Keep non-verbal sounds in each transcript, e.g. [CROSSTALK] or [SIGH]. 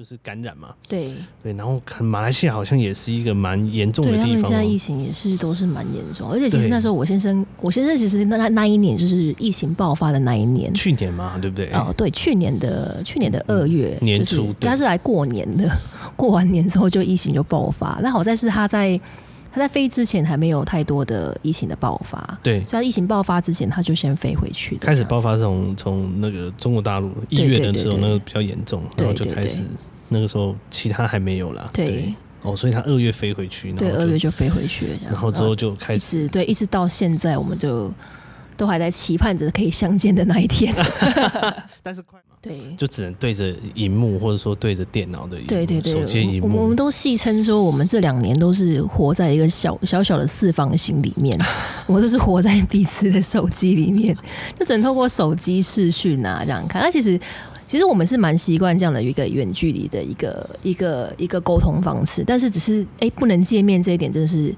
就是感染嘛，對對，然後看馬來西亞好像也是一個蠻嚴重的地方，喔。對，他們現在疫情也是都是蠻嚴重，而且其實那時候我先生，我先生其實那那一年就是疫情爆發的那一年，去年嘛，對不對？哦，對，去年的去年的二月，嗯、年初，就是，他是來過年的，過完年之後就疫情就爆發。那好在是他在他在飛之前還沒有太多的疫情的爆發，對。所以他疫情爆發之前他就先飛回去。開始爆發是從從那個中國大陸一月的時候那個比較嚴重對對對對，然後就開始。那個時候其他還沒有了，對,對哦，所以他二月飛回去，對，二月就飛回去，然後之後就開始，啊、對，一直到現在，我們就都還在期盼着可以相見的那一天，但是快嘛，對，就只能對着熒幕或者說對着電腦的螢幕，對,對對對，手機熒幕，我們,我們都戲稱說我們這兩年都是活在一個小小小的四方形裡面， [LAUGHS] 我們都是活在彼此的手機裡面，就只能透過手機視訊啊這樣看，那、啊、其實。其實我們是蠻習慣這樣的一個遠距離的一個一個一個溝通方式，但是只是哎、欸、不能見面這一點真的是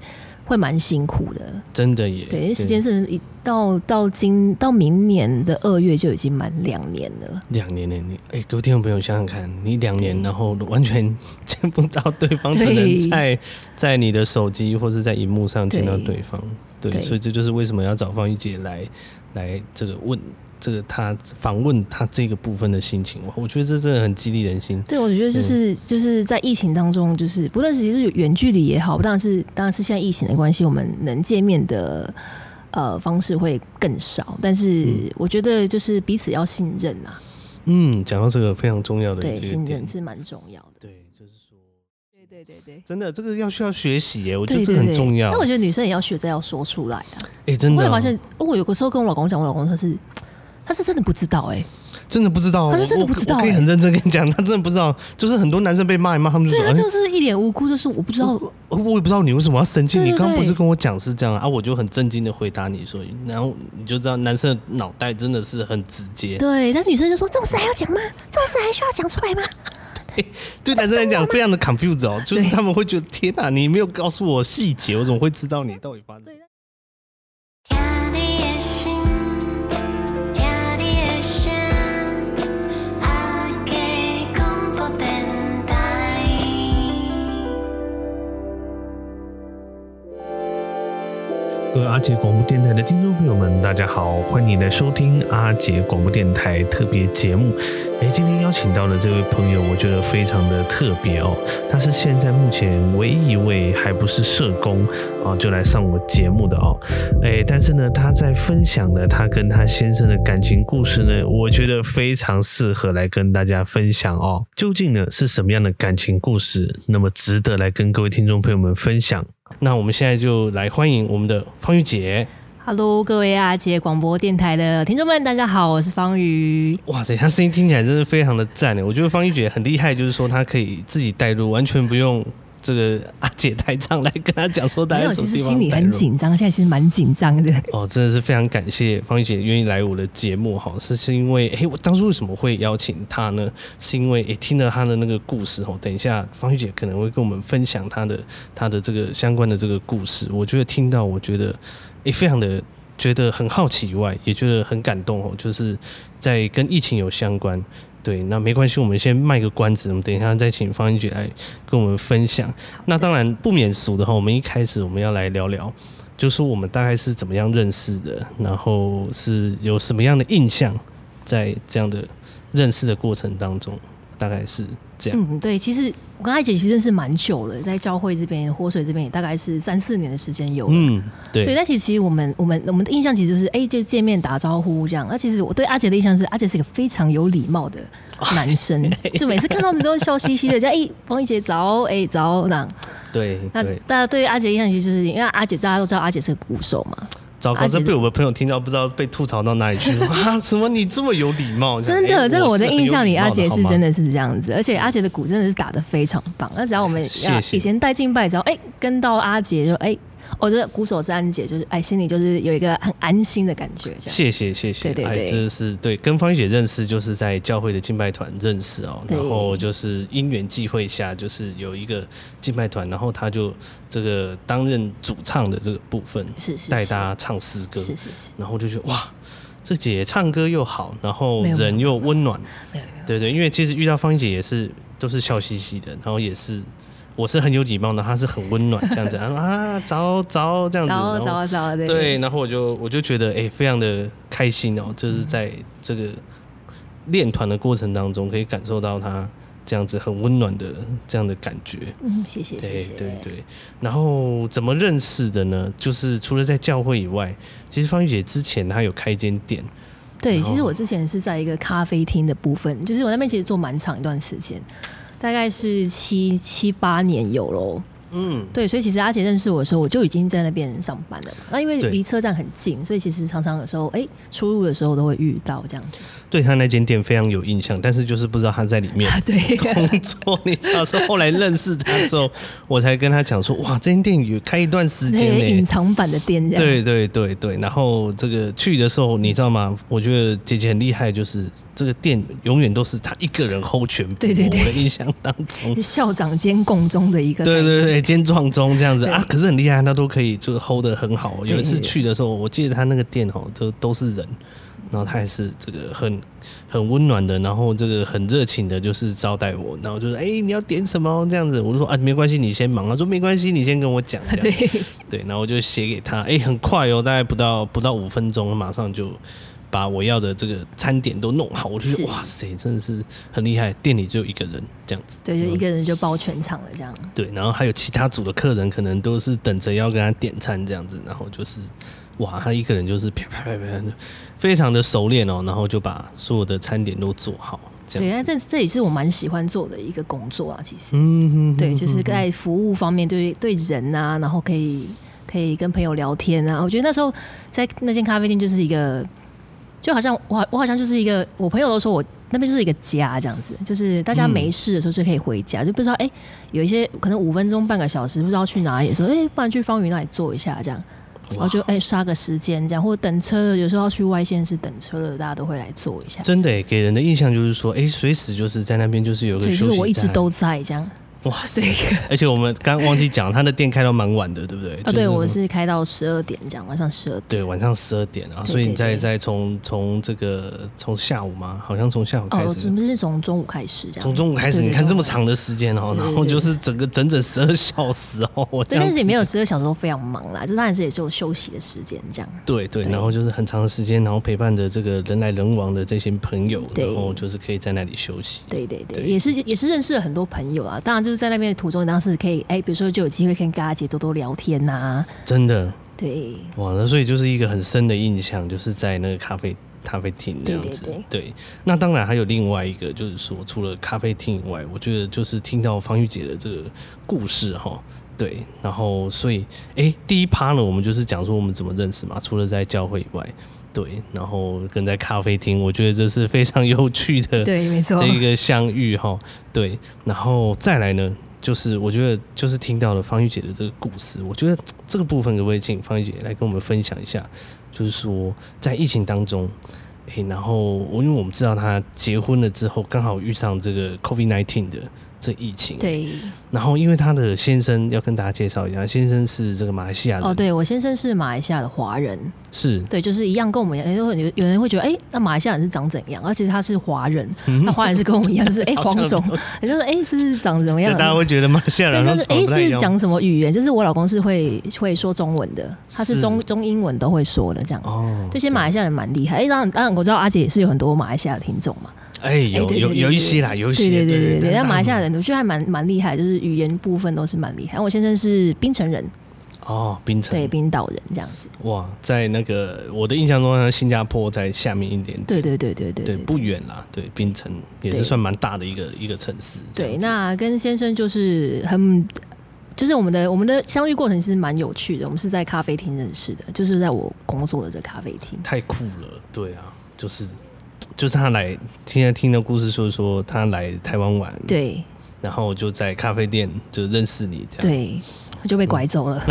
會蠻辛苦的，真的耶，對，時間是一到到今到明年的二月就已經滿兩年了，兩年兩年，哎，各、欸、位聽眾朋友想想看，你兩年然後完全見不到對方，對，只能在在你的手機或是在熒幕上見到對方對對，對，所以這就是為什麼要找芳瑜姊來來這個問。這個他訪問他這個部分的心情，我覺得這真的很激勵人心。對，我覺得就是、嗯、就是在疫情當中，就是不論是其實遠距離也好，當然是當然是現在疫情的關係，我們能見面的呃方式會更少。但是我覺得就是彼此要信任吶、啊。嗯，講、嗯、到這個非常重要的對信任是蠻重要的。對，就是說，對對對對，真的這個要需要學習耶、欸，我覺得這個很重要。那我覺得女生也要學，着要說出來啊。哎、欸，真的、啊，我也發現，我、哦、有個時候跟我老公講，我老公他是。他是真的不知道，哎、欸，真的不知道，他是真的不知道、欸。我我可以很認真跟你講，他真的不知道。就是很多男生被罵一罵，他們就說，他就是一臉無辜，就是我不知道、欸我。我也不知道你為什麼要生氣，你剛不是跟我講是這樣啊？我就很震驚的回答你，所以，然後你就知道男生腦袋真的是很直接。對，那女生就說，這種事還要講嗎？這種事還需要講出來嗎？對、欸，對男生來講非常的 confused 哦，就是他們會覺得，天哪、啊，你沒有告訴我細節，我怎麼會知道你到底發生？各位阿杰廣播電台的聽眾朋友們，大家好，歡迎你來收聽阿杰廣播電台特別節目。哎，今天邀請到的這位朋友，我覺得非常的特別哦。他是現在目前唯一一位還不是社工啊，哦，就來上我節目的哦。哎，但是呢，她在分享的她跟她先生的感情故事呢，我覺得非常適合來跟大家分享哦。究竟呢是什麼樣的感情故事，那麼值得來跟各位聽眾朋友們分享？那我們現在就來歡迎我們的芳瑜姐。Hello，各位阿杰廣播電台的聽眾們，大家好，我是芳瑜。哇塞，她聲音聽起來真是非常的讚誒！我覺得芳瑜姐很厲害，就是說她可以自己帶入，完全不用。這個阿姐台長，來跟他講說大家什其實心裡很緊張，現在其實蠻緊張的。哦，真的是非常感謝芳瑜姊願意來我的節目，哈，是是因為，誒，我當初為什麼會邀請她呢？是因為，誒，聽到她的那個故事，哦，等一下芳瑜姊可能會跟我們分享她的她的這個相關的這個故事。我覺得聽到，我覺得，誒，非常的覺得很好奇以外，也覺得很感動哦，就是在跟疫情有相關。對，那沒關係，我們先賣個關子，我們等一下再請芳瑜姊來跟我們分享。那當然不免俗的話，我們一開始我們要來聊聊，就是說我們大概是怎麼樣認識的，然後是有什麼樣的印象，在這樣的認識的過程當中，大概是。嗯，對，其實我跟阿捷其實認識蠻久了，在教會這邊、活水這邊也大概是三四年的時間有嗯，對。對但其實，其實我們、我們、我們的印象其實就是，哎，就見面打招呼這樣。那其實我對阿捷的印象是，阿捷是個非常有禮貌的男生，哎、就每次看到你都笑嘻嘻的，叫 [LAUGHS] “哎，彭一杰早，哎早”，朗對。那大家對，對阿捷的印象其實就是，因為阿捷，大家都知道阿捷是個鼓手嘛。糟糕、啊，這被我的朋友聽到，不知道被吐槽到哪裡去了。啊，怎麼 [LAUGHS] 你這麼有禮貌？真的，在、欸、我，我的印象裡，阿捷是真的是這樣子。啊，而且阿捷的鼓真的是打得非常棒。那、啊、只要我們、啊、謝謝以前帶進拜之後，只要哎跟到阿捷就哎。欸我覺得鼓手之安姐就是哎，心裡就是有一個很安心的感覺。謝謝謝謝，哎，對對，對、哎，這是對。跟芳瑜姐認識就是在教會的敬拜團認識哦，然後就是因緣際會下，就是有一個敬拜團，然後她就這個擔任主唱的這個部分，是是，是帶大家唱詩歌，是是是，是。然後就覺得哇，這姐姐唱歌又好，然後人又溫暖，對對，因為其實遇到芳瑜姐也是都是笑嘻嘻的，然後也是。我是很有禮貌的，他是很溫暖這樣子， [LAUGHS] 啊，早早這樣子，早早早。對，然後我就我就覺得哎、欸，非常的開心哦，嗯、就是在這個練團的過程當中，可以感受到他這樣子很溫暖的這樣的感覺。嗯，謝謝，謝謝，對對對。然後怎麼認識的呢？就是除了在教會以外，其實芳瑜姊之前她有開間店。對，其實我之前是在一個咖啡廳的部分，就是我在那邊其實做蠻長一段時間。大概是七七八年有咯。嗯，對，所以其實阿捷認識我的時候，我就已經在那邊上班了嘛。那因為離車站很近，所以其實常常有時候，哎，出入的時候都會遇到這樣子。對他那間店非常有印象，但是就是不知道他在裡面對工作。啊、 [LAUGHS] 你知道，是後來認識他之後，我才跟他講說，哇，這間店有開一段時間，欸，隱藏版的店這樣。這對對對對，對，然後這個去的時候，你知道嗎？我覺得姐姐很厲害，就是這個店永遠都是他一個人 hold 全部。對對對，對我的印象當中校長兼撞鐘的一個。對對對。對對尖撞鐘這樣子啊，可是很厲害，他都可以就是 hold 得很好。有一次去的時候，我記得他那個店哦，都都是人，然後他還是這個很很溫暖的，然後這個很熱情的，就是招待我，然後就是誒、欸，你要點什麼這樣子，我就說啊，沒關係，你先忙啊。他說沒關係，你先跟我講。對對，然後我就寫給他，誒、欸，很快哦，大概不到不到五分鐘，馬上就。把我要的這個餐點都弄好，我覺得哇塞，真的是很厲害！店裡只有一個人這樣子，對，就一個人就包全場了這樣。對，然後還有其他組的客人可能都是等着要跟他點餐這樣子，然後就是哇，他一個人就是啪啪啪啪啪，非常的熟練哦、喔，然後就把所有的餐點都做好這樣。對，那、啊、這這也是我蠻喜歡做的一個工作啊，其實，嗯，對，就是在服務方面對，對對人啊，然後可以可以跟朋友聊天啊，我覺得那時候在那間咖啡店就是一個。就好像我我好像就是一個，我朋友都說我那邊就是一個家這樣子，就是大家沒事的時候就可以回家，嗯、就不知道哎、欸，有一些可能五分鐘半個小時不知道去哪裡說，哎、欸，不然去芳瑜那裡坐一下這樣，然後就哎殺、欸、個時間這樣，或者等車了，有時候要去外縣市等車了，大家都會來坐一下。真的、欸、給人的印象就是說，哎、欸，隨時就是在那邊就是有個休息站、就是、我一直都在這樣。哇塞，這個！而且我們剛忘記講， [LAUGHS] 他的店開到蠻晚的，對不對？啊、就是，對，我是開到十二點這樣，晚上十二點。對，晚上十二點，對對對啊，所以你在在從從這個從下午嗎？好像從下午開始。哦，準、就、備是從中午開始這樣。從中午開始，對對對，你看這麼長的時間哦，對對對對，然後就是整個整整十二小時哦。我這對，但是也沒有十二小時都非常忙啦，就當然這也是有休息的時間這樣。對對，對，然後就是很長的時間，然後陪伴着這個人來人往的這些朋友，然後就是可以在那裡休息。對對對，對，對，也是也是認識了很多朋友啊，當然就是。就是、在那邊的途中，當時可以哎、欸，比如說就有機會跟嘎姐多多聊天吶、啊，真的，對，哇，那所以就是一個很深的印象，就是在那個咖啡咖啡廳那樣子對對對，對。那當然還有另外一個，就是說除了咖啡廳以外，我覺得就是聽到芳瑜姊的這個故事哈，對。然後所以哎、欸，第一趴呢，我們就是講說我們怎麼認識嘛，除了在教會以外。對，然後跟在咖啡廳，我覺得這是非常有趣的，對，沒錯，這一個相遇哈。對，然後再來呢，就是我覺得就是聽到了芳瑜姊的這個故事，我覺得這個部分，可不可以請芳瑜姊來跟我們分享一下？就是說，在疫情當中，誒、哎，然後我因為我們知道她結婚了之後，剛好遇上這個 COVID nineteen 的。這疫情，對，然後因為他的先生要跟大家介紹一下，先生是這個馬來西亞人哦，對，我先生是馬來西亞的華人，是對，就是一樣跟我們一樣，有、欸、有人會覺得，哎、欸，那馬來西亞人是長怎樣？而、啊、其實他是華人，那 [LAUGHS] 華人是跟我們一樣、就是哎、欸、黃種，你就說哎，是是長怎麼樣？大家會覺得馬來西亞人對，但是哎是講什麼語言？就是我老公是會會說中文的，他是中是中英文都會說的這樣，哦，這些馬來西亞人蠻厲害，哎、欸，當然當然我知道阿姐也是有很多馬來西亞的聽眾嘛。哎、欸，有有、欸、有一些啦，有一些對對對對，那馬來西亞人，我覺得還蠻蠻厲害，就是語言部分都是蠻厲害。然後我先生是冰城人，哦，冰城對，冰島人這樣子。哇，在那個我的印象中，新加坡在下面一點、點，對對對對，對對對對對，不遠啦。對，冰城也是算蠻大的一個一個城市。對，那跟先生就是很，就是我們的我們的相遇過程是蠻有趣的。我們是在咖啡廳認識的，就是在我工作的這咖啡廳。太酷了，對啊，就是。就是他來，聽，聽的故事說說他來台灣玩，對，然後就在咖啡店就認識你，這樣對，他就被拐走了。 [LAUGHS]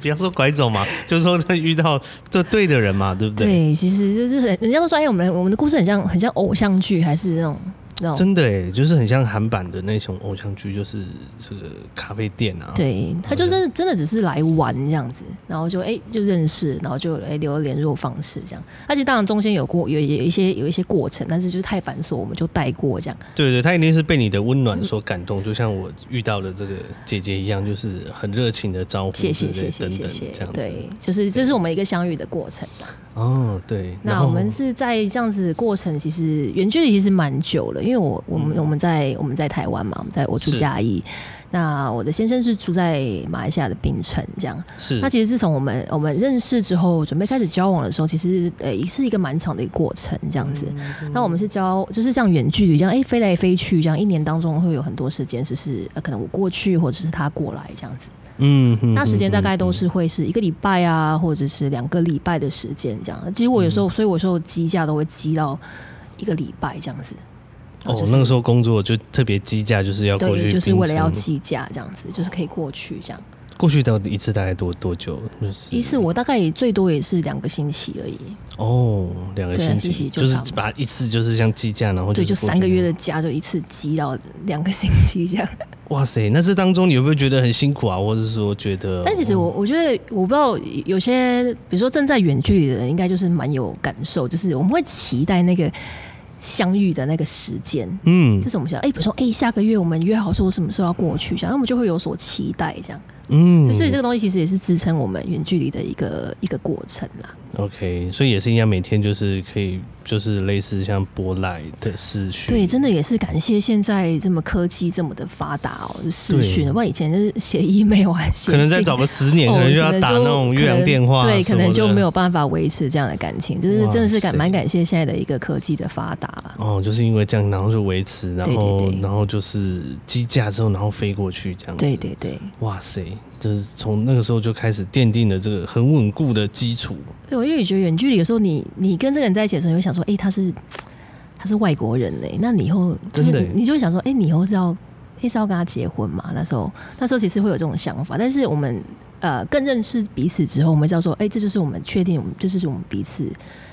不要說拐走嘛，就是說遇到對對的人嘛，對不對？對，其實就是很，人家都說，哎，我們我們的故事很像，很像偶像劇，還是那種。No, 真的，哎、欸，就是很像韓版的那種偶像劇，就是這個咖啡店啊。對，嗯、他就真的真的只是來玩這樣子，然後就哎、欸、就認識，然後就哎、欸、留了聯絡方式這樣。而且當然中間有過有有一些有一些過程，但是就是太繁瑣，我們就帶過這樣。對，對對，他一定是被你的溫暖所感動、嗯，就像我遇到的這個姐姐一樣，就是很熱情的招呼，謝謝謝謝謝謝。等等這樣子，對，就是這是我們一個相遇的過程。哦，對。那我們是在這樣子的過程，其實遠距離其實蠻久了，因為我我們、嗯、我們在我們在台灣嘛，我們在我住嘉義，那我的先生是住在馬來西亞的檳城，這樣是。他其實自從我們我們認識之後，準備開始交往的時候，其實呃也是一個蠻長的一個過程，這樣子、嗯嗯。那我們是交就是像遠距離，這樣誒飛來飛去，這樣一年當中會有很多時間，只、就是、呃、可能我過去或者是他過來這樣子。嗯，嗯，嗯，那時間大概都是會是一個禮拜啊、嗯嗯，或者是兩個禮拜的時間這樣。其實我有時候，嗯、所以我說我積假都會積到一個禮拜這樣子、就是。哦，那個時候工作就特別積假，就是要過去對，就是為了要積假這樣子，就是可以過去這樣。過去到一次大概多多久？一、就、次、是、我大概也最多也是兩個星期而已。哦，兩個星期就，就是把一次就是像積假，然後對，就三個月的假就一次積到兩個星期這樣。 [LAUGHS] 哇塞，那這當中你有沒有覺得很辛苦啊，或者是說覺得、嗯？但其實我我覺得，我不知道有些，比如說正在遠距離的人，應該就是蠻有感受，就是我們會期待那個相遇的那個時間。嗯，就是我們想，哎、欸，比如說，哎、欸，下個月我們約好說什麼時候要過去，然後我們就會有所期待，這樣。嗯，所以這個東西其實也是支撐我們遠距離的一個一個過程啦、啊。OK，所以也是應該每天就是可以，就是類似像波萊的視訊。對，真的也是感謝現在這麼科技這麼的發達哦，視訊。不然以前就是寫 email 還寫信。可能再找個十年，可能就要打那種越洋電話，哦。對，可能就沒有辦法維持這樣的感情。就是真的是感蠻感謝現在的一個科技的發達。哦，就是因為這樣，然後就維持，然後對對對，然後就是機架之後，然後飛過去這樣子。對對對，哇塞！就是從那個時候就開始奠定了這個很穩固的基礎。對，因為你覺得遠距離的時候你，你你跟這個人在一起的時候，你會想說，哎、欸，他是他是外國人嘞、欸，那你以後就是、欸、你就會想說，哎、欸，你以後是要還、欸、是要跟他結婚嘛？那時候，那時候其實會有這種想法，但是我們呃更認識彼此之後，我們知道說，哎、欸，這就是我們確定，我們這就是我們彼此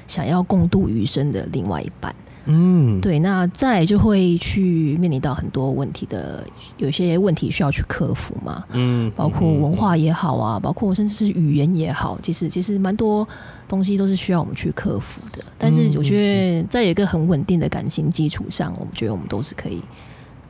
想要共度餘生的另外一半。嗯。嗯，對，那再來就會去面臨到很多問題的，有些問題需要去克服嘛。嗯，包括文化也好啊，包括甚至是語言也好，其實其實蠻多東西都是需要我們去克服的。但是我覺得，在一個很穩定的感情基礎上，我們覺得我們都是可以。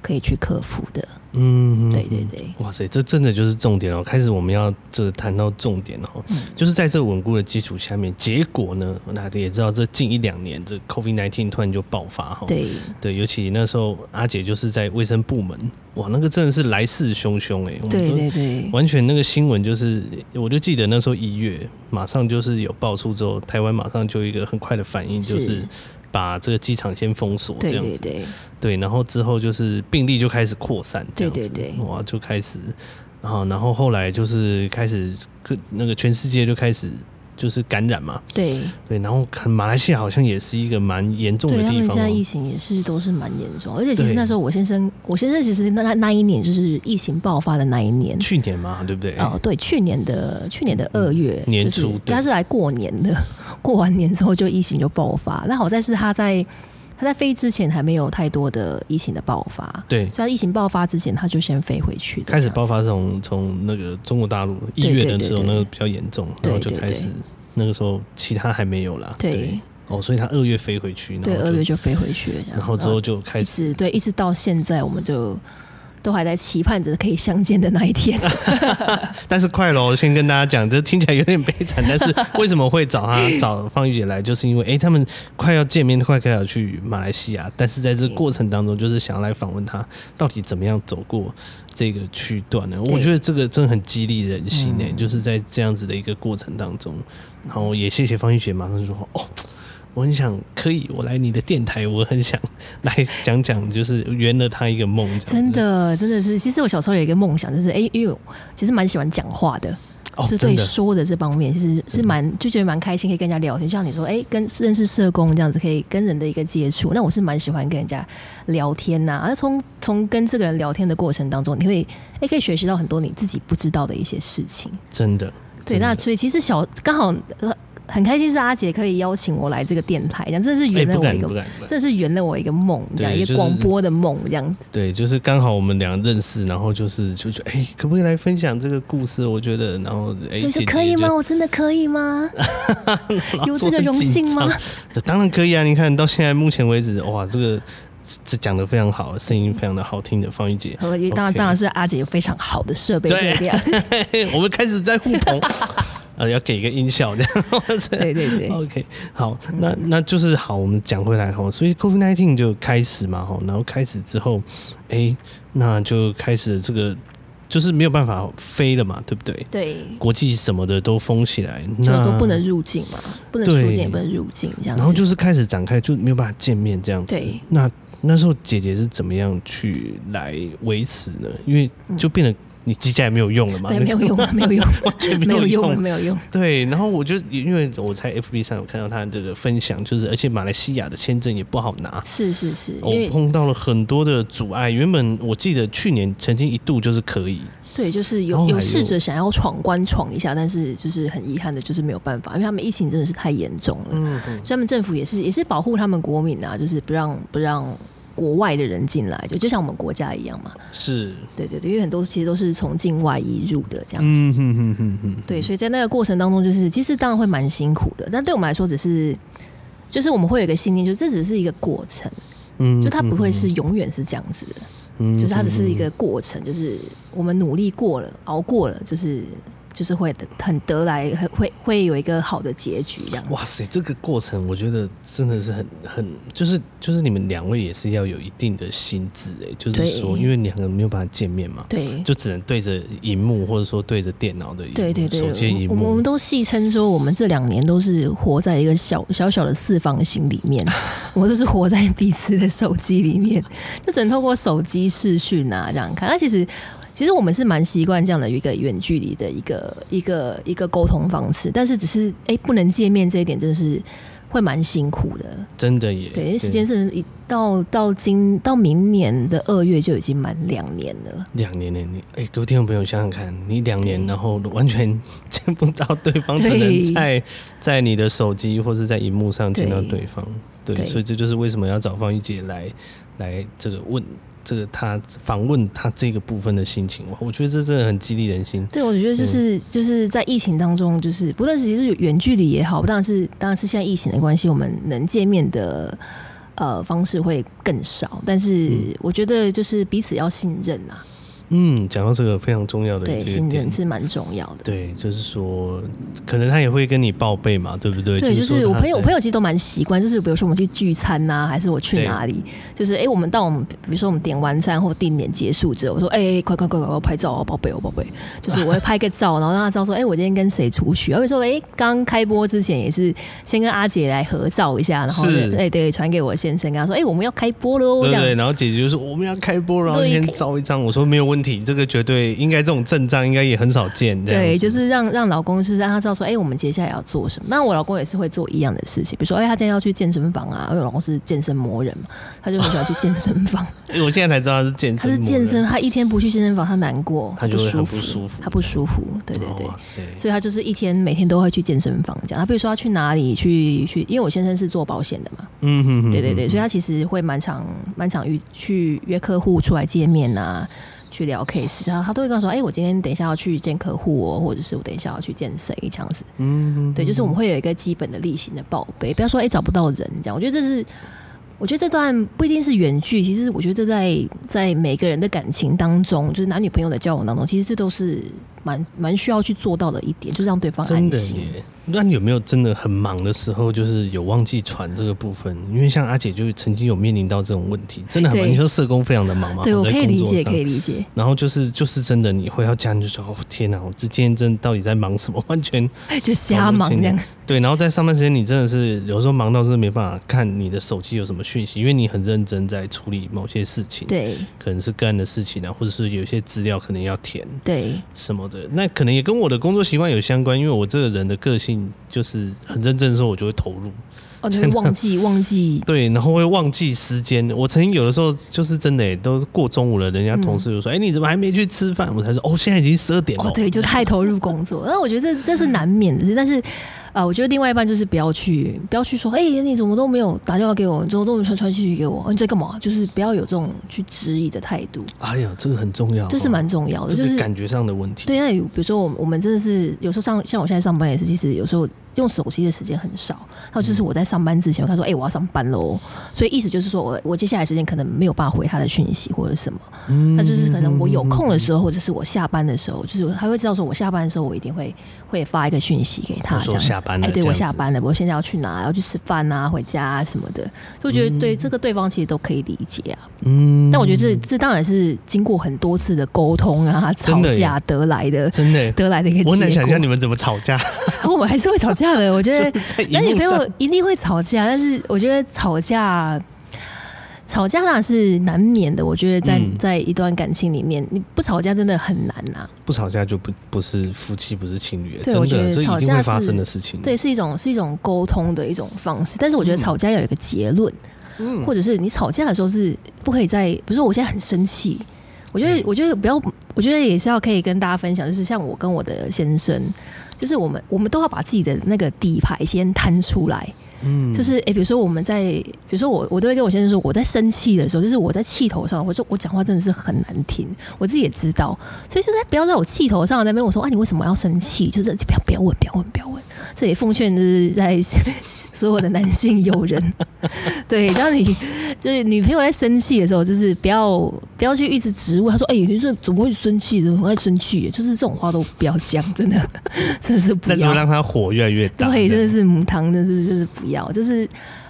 可以去克服的，嗯，對對對，哇塞，這真的就是重點哦。開始我們要這個談到重點哦，嗯、就是在這穩固的基礎下面，結果呢，大家也知道，這近一兩年這 COVID-19 突然就爆發哈、哦，對對，尤其那時候阿姐就是在衛生部門，哇，那個真的是來勢洶洶哎，對對對，完全那個新聞就是，我就記得那時候一月，馬上就是有爆出之後，台灣馬上就一個很快的反應就是。是把這個機場先封鎖，這樣子對對對，對，然後之後就是病例就開始擴散，這樣子對對對，哇，就開始，然後，然後後來就是開始，那個全世界就開始。就是感染嘛，對對，然後看馬來西亞好像也是一個蠻嚴重的地方，哦對，他們現在疫情也是都是蠻嚴重，而且其實那時候我先生，我先生其實那那一年就是疫情爆發的那一年，去年嘛，對不對？哦，對，去年的去年的二月嗯嗯、就是、年初，對，他是來過年的，過完年之後就疫情就爆發，那好在是他在。他在飛之前還沒有太多的疫情的爆發，對，在疫情爆發之前他就先飛回去。開始爆發是從從那個中國大陸一月的時候那個比較嚴重，對對對對，然後就開始，對對對，那個時候其他還沒有了，對，哦，所以他二月飛回去，對，二月就飛回去，然後，然後之後就開始，一直，對，一直到現在我們就。都還在期盼着可以相見的那一天 [LAUGHS] ，但是快了，我先跟大家講，這聽起來有點悲慘，但是為什麼會找他找芳瑜姐來，就是因為哎、欸，他們快要見面，快開始去馬來西亞，但是在這個過程當中，就是想要來訪問他，到底怎麼樣走過這個區段呢？我覺得這個真的很激勵人心呢、欸，就是在這樣子的一個過程當中，然後也謝謝芳瑜姐，馬上就說哦。我很想可以，我來你的電台，我很想來講講，就是圓了他一個夢。真的，真的是。其實我小時候有一個夢想，就是哎、欸，因為我其實蠻喜歡講話的，是、哦、對說的這方面，其實是蠻就覺得蠻開心，可以跟人家聊天。像你說，哎、欸，跟認識社工這樣子，可以跟人的一個接觸。那我是蠻喜歡跟人家聊天吶、啊。而從從跟這個人聊天的過程當中，你會哎、欸、可以學習到很多你自己不知道的一些事情。真的，真的對，那所以其實小剛好呃。很開心是阿捷可以邀請我來這個電台，這樣真的是圓了我一個、欸，真的是圓了我一個夢，這樣、就是、一個廣播的夢，這樣子。對，就是剛好我們倆認識，然後就是就覺哎、欸，可不可以來分享這個故事？我覺得，然後哎，你、欸、說可以嗎？我真的可以嗎？啊、 [LAUGHS] 有這個榮幸嗎？當然可以啊！你看到現在目前為止，哇，這個這講得非常好，聲音非常的好聽的、嗯、芳瑜姊，當然、okay、當然是阿捷有非常好的設備這量。我們開始在互動。 [LAUGHS] [LAUGHS] [LAUGHS] [LAUGHS] 啊、要給一個音效這樣， [LAUGHS] 對對對 [LAUGHS] ，OK，好，那、嗯、那就是好，我們講回來，所以 COVID-19 就開始嘛，然後開始之後，哎、欸，那就開始這個就是沒有辦法飛了嘛，對不對？對，國際什麼的都封起來，那都不能入境嘛，不能出境，不能入境，然後就是開始展開，就沒有辦法見面這樣子。對，那那時候姐姐是怎麼樣去來維持呢？因為就變得、嗯。你機架也沒有用了嗎？對，沒有用，沒有用， [LAUGHS] 完全沒有用 [LAUGHS] 沒有用，沒有用。對，然後我就因為我在 FB 上我看到他這個分享，就是而且馬來西亞的簽證也不好拿，是是是，我、哦、碰到了很多的阻礙。原本我記得去年曾經一度就是可以，對，就是有有試着想要闖關闖一下，但是就是很遺憾的，就是沒有辦法，因為他們疫情真的是太嚴重了。嗯，所以他們政府也是也是保護他們國民啊，就是不讓不讓。國外的人進來，就就像我們國家一樣嘛。是，對對對，因為很多其實都是從境外移入的這樣子。嗯 [LAUGHS] 對，所以在那個過程當中，就是其實當然會蠻辛苦的，但對我們來說，只是就是我們會有一個信念，就是這只是一個過程，嗯， [LAUGHS] 就它不會是永遠是這樣子的，嗯， [LAUGHS] 就是它只是一個過程，就是我們努力過了，熬過了，就是。就是會很得來，很會會有一個好的結局這樣。哇塞，這個過程我覺得真的是很很，就是就是你們兩位也是要有一定的心智哎、欸，就是說，因為兩個人沒有辦法見面嘛，對，就只能對着熒幕或者說對着電腦的熒幕，對對對，手機熒幕。我們都戲稱說，我們這兩年都是活在一個小小小的四方形裡面， [LAUGHS] 我們都是活在彼此的手機裡面，就只能透過手機視訊啊這樣看。那其實。其實我們是蠻習慣這樣的一個遠距離的一個一個一個溝通方式，但是只是哎、欸、不能見面這一點真的是會蠻辛苦的。真的耶，對，因為時間是一到到今到明年的二月就已經滿兩年了。兩年兩你，哎，各、欸、位聽眾朋友想想看，你兩年然後完全見不到對方，對只能在在你的手機或是在螢幕上見到對方。對對，所以這就是為什麼要找芳瑜姊來來這個問這個她訪問她這個部分的心情，我覺得這真的很激勵人心。對，我覺得就是、嗯、就是在疫情當中，就是不論是其實遠距離也好，當然是當然是現在疫情的關係，我們能見面的呃方式會更少。但是我覺得就是彼此要信任啊。嗯，講到這個非常重要的一點。對，信任是蠻重要的。對，就是說，可能他也會跟你報備嘛，對不對？對，就是、嗯、我朋友，我朋友其實都蠻習慣，就是比如說我們去聚餐吶，啊，還是我去哪裡，就是哎，欸，我們到我們，比如說我們點完餐或定點結束之後，我說哎，欸欸，快快快快快拍照哦，報備哦，報備，就是我會拍個照，然後讓他知道說，哎，欸，我今天跟誰出去，而，啊，且 [LAUGHS] 說，哎，欸，剛開播之前也是先跟阿姐來合照一下，然後是哎對，傳給我先生，跟他說，哎，欸，我們要開播了對，對，對，然後姐姐就說，是，我們要開播，然後先照一張。我說沒有問。體這個絕對應該，這種陣仗應該也很少見。對，就是讓讓老公是讓他知道說，哎、欸，我們接下來要做什麼。那我老公也是會做一樣的事情，比如說，哎，他今天要去健身房啊。因為我老公是健身魔人嘛，他就很喜歡去健身房。啊 [LAUGHS] 欸、我現在才知道他是健身。他是健身，他一天不去健身房，他難過，他就舒服舒服，他不舒服。對對對、哦，所以，他就是一天每天都會去健身房。這樣，他比如說他去哪裡去去，因為我先生是做保險的嘛，嗯哼哼哼對對對，所以他其實會蠻常、蠻常於去約客戶出來見面啊。去聊 case，然後他都會告訴我，哎、欸，我今天等一下要去見客戶哦，或者是我等一下要去見誰這樣子。嗯，對，就是我們會有一個基本的例行的報備，不要說哎、欸、找不到人這樣。我覺得這是，我覺得這段不一定是遠距，其實我覺得在在每個人的感情當中，就是男女朋友的交往當中，其實這都是蠻蠻需要去做到的一點，就是讓對方安心。那有沒有真的很忙的時候，就是有忘記傳這個部分？因為像阿姐就曾經有面臨到這種問題，真的很忙。你說社工非常的忙嗎？對，在工作上我可以理解，可以理解。然後就是就是真的，你回到家你就說：“哦天吶、啊，我這今天真到底在忙什麼？完全就瞎忙那樣。對。然後在上班時間，你真的是有時候忙到是沒辦法看你的手機有什麼訊息，因為你很認真在處理某些事情。對，可能是個案的事情啊，或者是有些資料可能要填，對，什麼的。那可能也跟我的工作習慣有相關，因為我這個人的個性。就是很認真的時候，我就會投入，哦，就會忘記忘記對，然後會忘記時間。我曾經有的時候就是真的，都過中午了，人家同事就說：“哎、嗯欸，你怎麼還沒去吃飯？”我才說：“哦，現在已經十二點了。哦”對，就太投入工作，那 [LAUGHS] 我覺得這這是難免的，但是。啊，我覺得另外一半就是不要去，不要去說，哎、欸，你怎麼都沒有打電話給我，你怎麼都沒有傳傳信息給我？你在幹嘛？就是不要有這種去質疑的態度。哎呀，這個很重要，這、就是蠻重要的，啊、就是、是感覺上的問題。就是、對，那比如說我，我們真的是有時候上，像我現在上班也是，其實有時候。用手機的時間很少，還有就是我在上班之前，他、嗯、說：“哎、欸，我要上班嘍。”所以意思就是說我我接下來時間可能沒有辦法回他的訊息或者什麼、嗯。那就是可能我有空的時候，嗯、或者是我下班的時候，就是他會知道說我下班的時候我一定會會發一個訊息給他。下班了，哎，對我下班了，我現在要去哪？要去吃飯啊，回家啊什麼的。就我覺得對這個對方其實都可以理解啊。嗯。但我覺得這這當然是經過很多次的溝通啊，嗯、吵架得來的，真的得來的一個。我能想象你們怎麼吵架。 [LAUGHS] [LAUGHS] 我們還是會吵架。我覺得男女朋友一定會吵架，但是我覺得吵架吵架那是難免的。我覺得在、嗯、在一段感情裡面，你不吵架真的很難吶。不吵架就不不是夫妻，不是情侶。對，真的，我覺得吵架發生的事情，對，是一種是一種溝通的一種方式。但是我覺得吵架要有一個結論、嗯，或者是你吵架的時候是不可以在，不是我現在很生氣。我覺得、嗯、我覺得不要，我覺得也是要可以跟大家分享，就是像我跟我的先生。就是我們，我們都要把自己的那個底牌先攤出來。嗯，就是哎、欸，比如說我們在，比如說我，我都會跟我先生說，我在生氣的時候，就是我在氣頭上，我說我講話真的是很難聽，我自己也知道，所以就在不要在我氣頭上的那邊我說啊，你為什麼要生氣？就是不要不要問，不要問，不要問。這也奉勸就是在所有的男性友人， [LAUGHS] 對，當你就是女朋友在生氣的時候，就是不要不要去一直質問他說，哎、欸，你說怎麼會生氣？怎麼會生氣？就是這種話都不要講，真的，真的,真的,真的是不要，讓他火越來越大。對，真的是母湯，真是是不。要就是，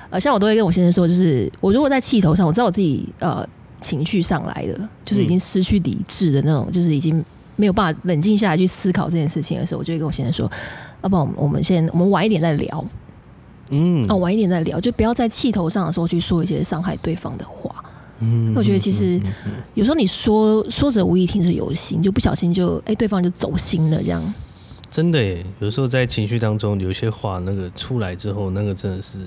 呃，像我都會跟我先生說，就是我如果在氣頭上，我知道我自己呃情緒上來了，就是已經失去理智的那種，就是已經沒有辦法冷靜下來去思考這件事情的時候，我就會跟我先生說，要不然我們先我們晚一點再聊，嗯，啊，晚一點再聊，就不要在氣頭上的時候去說一些傷害對方的話，嗯，我覺得其實有時候你說說者無意，聽者有心，就不小心就哎對方就走心了這樣。真的耶，有時候在情緒當中有一些話，那個出來之後，那個真的是，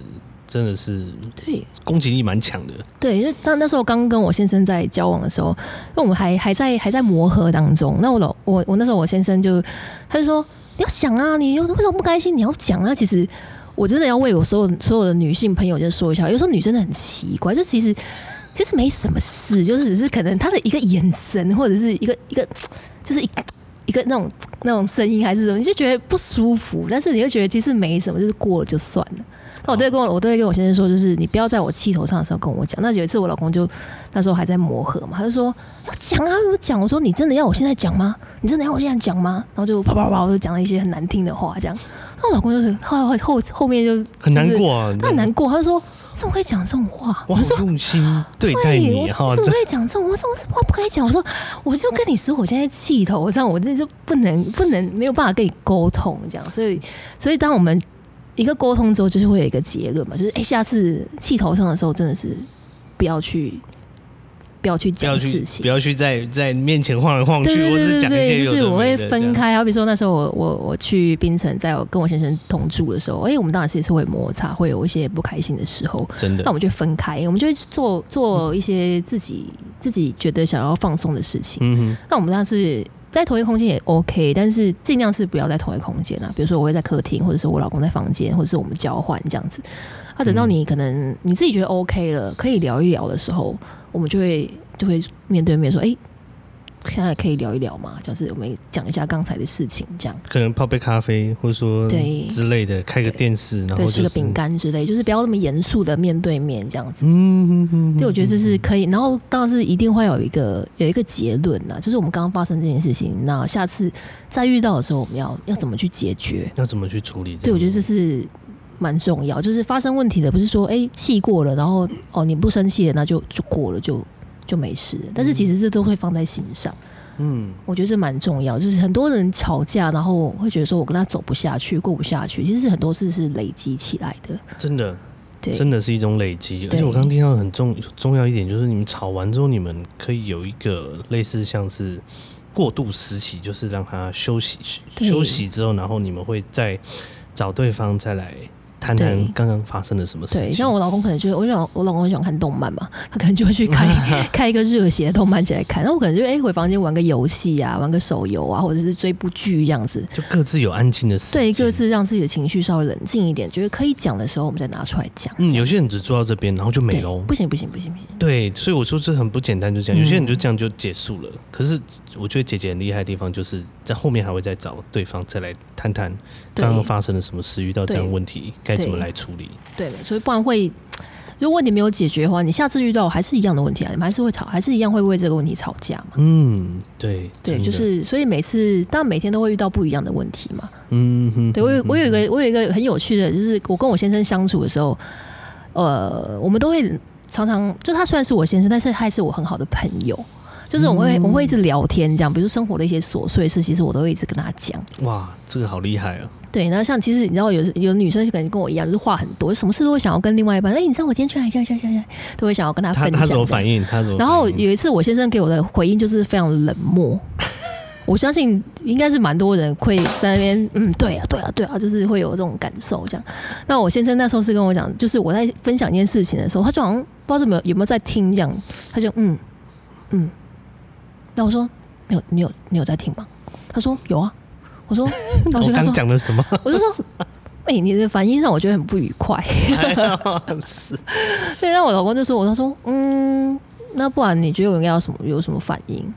真的是，對，攻擊力蠻強的。對，因為當那時候剛跟我先生在交往的時候，因為我們還還在還在磨合當中。那我老我我那時候我先生就他就說，你要想啊，你又為什麼不開心？你要講啊。其實我真的要為我所有所有的女性朋友就說一下，有時候女生很奇怪，就其實其實沒什麼事，就是只是可能他的一個眼神或者是一個一個就是一個。一個那種那種聲音還是什麼，你就覺得不舒服，但是你就覺得其實沒什麼，就是過了就算了。那我都會跟我我都會跟我先生說，就是你不要在我氣頭上的時候跟我講。那有一次我老公就那時候還在磨合嘛，他就說要講啊要講。我說你真的要我現在講嗎？你真的要我現在講嗎？然後就啪啪啪啪我就講了一些很難聽的話，這樣。那我老公就是後後後面就，就是很難過啊，他很難過，很難過他就說。怎麼會講這種話？我用心對待你，啊我對，我怎麼可以講這種話？我說我話不可以講。我說我就跟你說，我現在氣頭上，我真的就不能不能沒有辦法跟你溝通，這樣。所以，所以當我們一個溝通之後，就是會有一個結論嘛，就是哎、欸，下次氣頭上的時候，真的是不要去。不要去講事情，不要去，不要去在在面前晃來晃去，對對對對或者是講一些理。就是我會分開，好比說那時候我我我去檳城，在我跟我先生同住的時候，哎，我們當時也是會摩擦，會有一些不開心的時候，真的。那我們就分開，我們就會做做一些自己、嗯、自己覺得想要放鬆的事情。嗯哼，那我們當時。在同一空間也 OK，但是盡量是不要在同一空間啊。比如說，我會在客廳，或者是我老公在房間，或者是我們交換這樣子。啊，等到你可能你自己覺得 OK 了，可以聊一聊的時候，我們就會就會面對面說，哎、欸。現在可以聊一聊嘛，就是我們講一下剛才的事情，這樣。可能泡杯咖啡，或者說對之類的，開個電視，對然後、就是、對吃個餅乾之類，就是不要那麼嚴肅的面對面這樣子。嗯嗯嗯。對，我覺得這是可以。然後當然是一定會有一個有一個結論的，就是我們剛剛發生這件事情，那下次再遇到的時候，我們要要怎麼去解決？要怎麼去處理？對，我覺得這是蠻重要。就是發生問題的，不是說哎氣、欸、過了，然後哦你不生氣了，那就就過了就。就沒事，但是其實這都會放在心上，嗯，我覺得這蠻重要，就是很多人吵架，然後會覺得說我跟他走不下去，過不下去，其實是很多事是累積起來的，真的，對，真的是一種累積。而且我剛剛聽到很重重要一點，就是你們吵完之後，你們可以有一個類似像是過渡時期，就是讓他休息休息之後，然後你們會再找對方再來。談談剛剛發生了什麼事情？對，像我老公可能就我就想，我老公很喜歡看動漫嘛，他可能就會去開 [LAUGHS] 開一個熱血的動漫起來看。那我可能就會、欸、回房間玩個遊戲啊，玩個手遊啊，或者是追部劇這樣子，就各自有安靜的時間，對，各自讓自己的情緒稍微冷靜一點，覺得可以講的時候，我們再拿出來講。嗯，有些人只坐到這邊，然後就沒了。不行不行不行不行。對，所以我說這很不簡單，就這樣。有些人就這樣就結束了。嗯、可是我覺得姐姐很厲害的地方，就是在後面還會再找對方再來談談。剛剛發生了什麼事？遇到這樣問題該怎麼來處理？對，所以不然會，如果你沒有解決的話，你下次遇到還是一樣的問題啊，你們還是會吵，還是一樣會為這個問題吵架嘛？嗯，對，對，就是，所以每次當然每天都會遇到不一樣的問題嘛。嗯哼、嗯，對，我，我有我有一個我有一個很有趣的，就是我跟我先生相處的時候，呃，我們都會常常就他雖然是我先生，但是他也是我很好的朋友，就是我會、嗯、我會一直聊天這樣，比如生活的一些瑣碎事，其實我都會一直跟他講。哇，這個好厲害哦、啊。對，那像其實你知道有，有有女生就感覺跟我一樣，就是話很多，什麼事都會想要跟另外一半。哎、欸，你知道我今天去哪裡？去哪裡？去哪裡？都會想要跟他分享。他他怎麼反應？他怎麼？然後有一次，我先生給我的回應就是非常冷漠。 [LAUGHS] 我相信應該是蠻多人會在那邊，嗯，對啊，對啊，對啊，就是會有這種感受這樣。那我先生那時候是跟我講，就是我在分享一件事情的時候，他就好像不知道有沒有有沒有在聽這樣。他就嗯嗯。那我說你有你有你有在聽嗎？他說有啊。我說， [LAUGHS] 我剛講了什麼？我就說，哎、欸，你的反應讓我覺得很不愉快。是，所以，那我老公就說，我他說，說，嗯，那不然你覺得我應該要什麼？有什麼反應？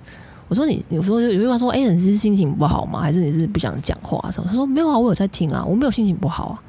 我說你，你有時候有句話說，哎、欸，你是心情不好嗎？還是你是不想講話什麼？他說，沒有啊，我有在聽啊，我沒有心情不好啊。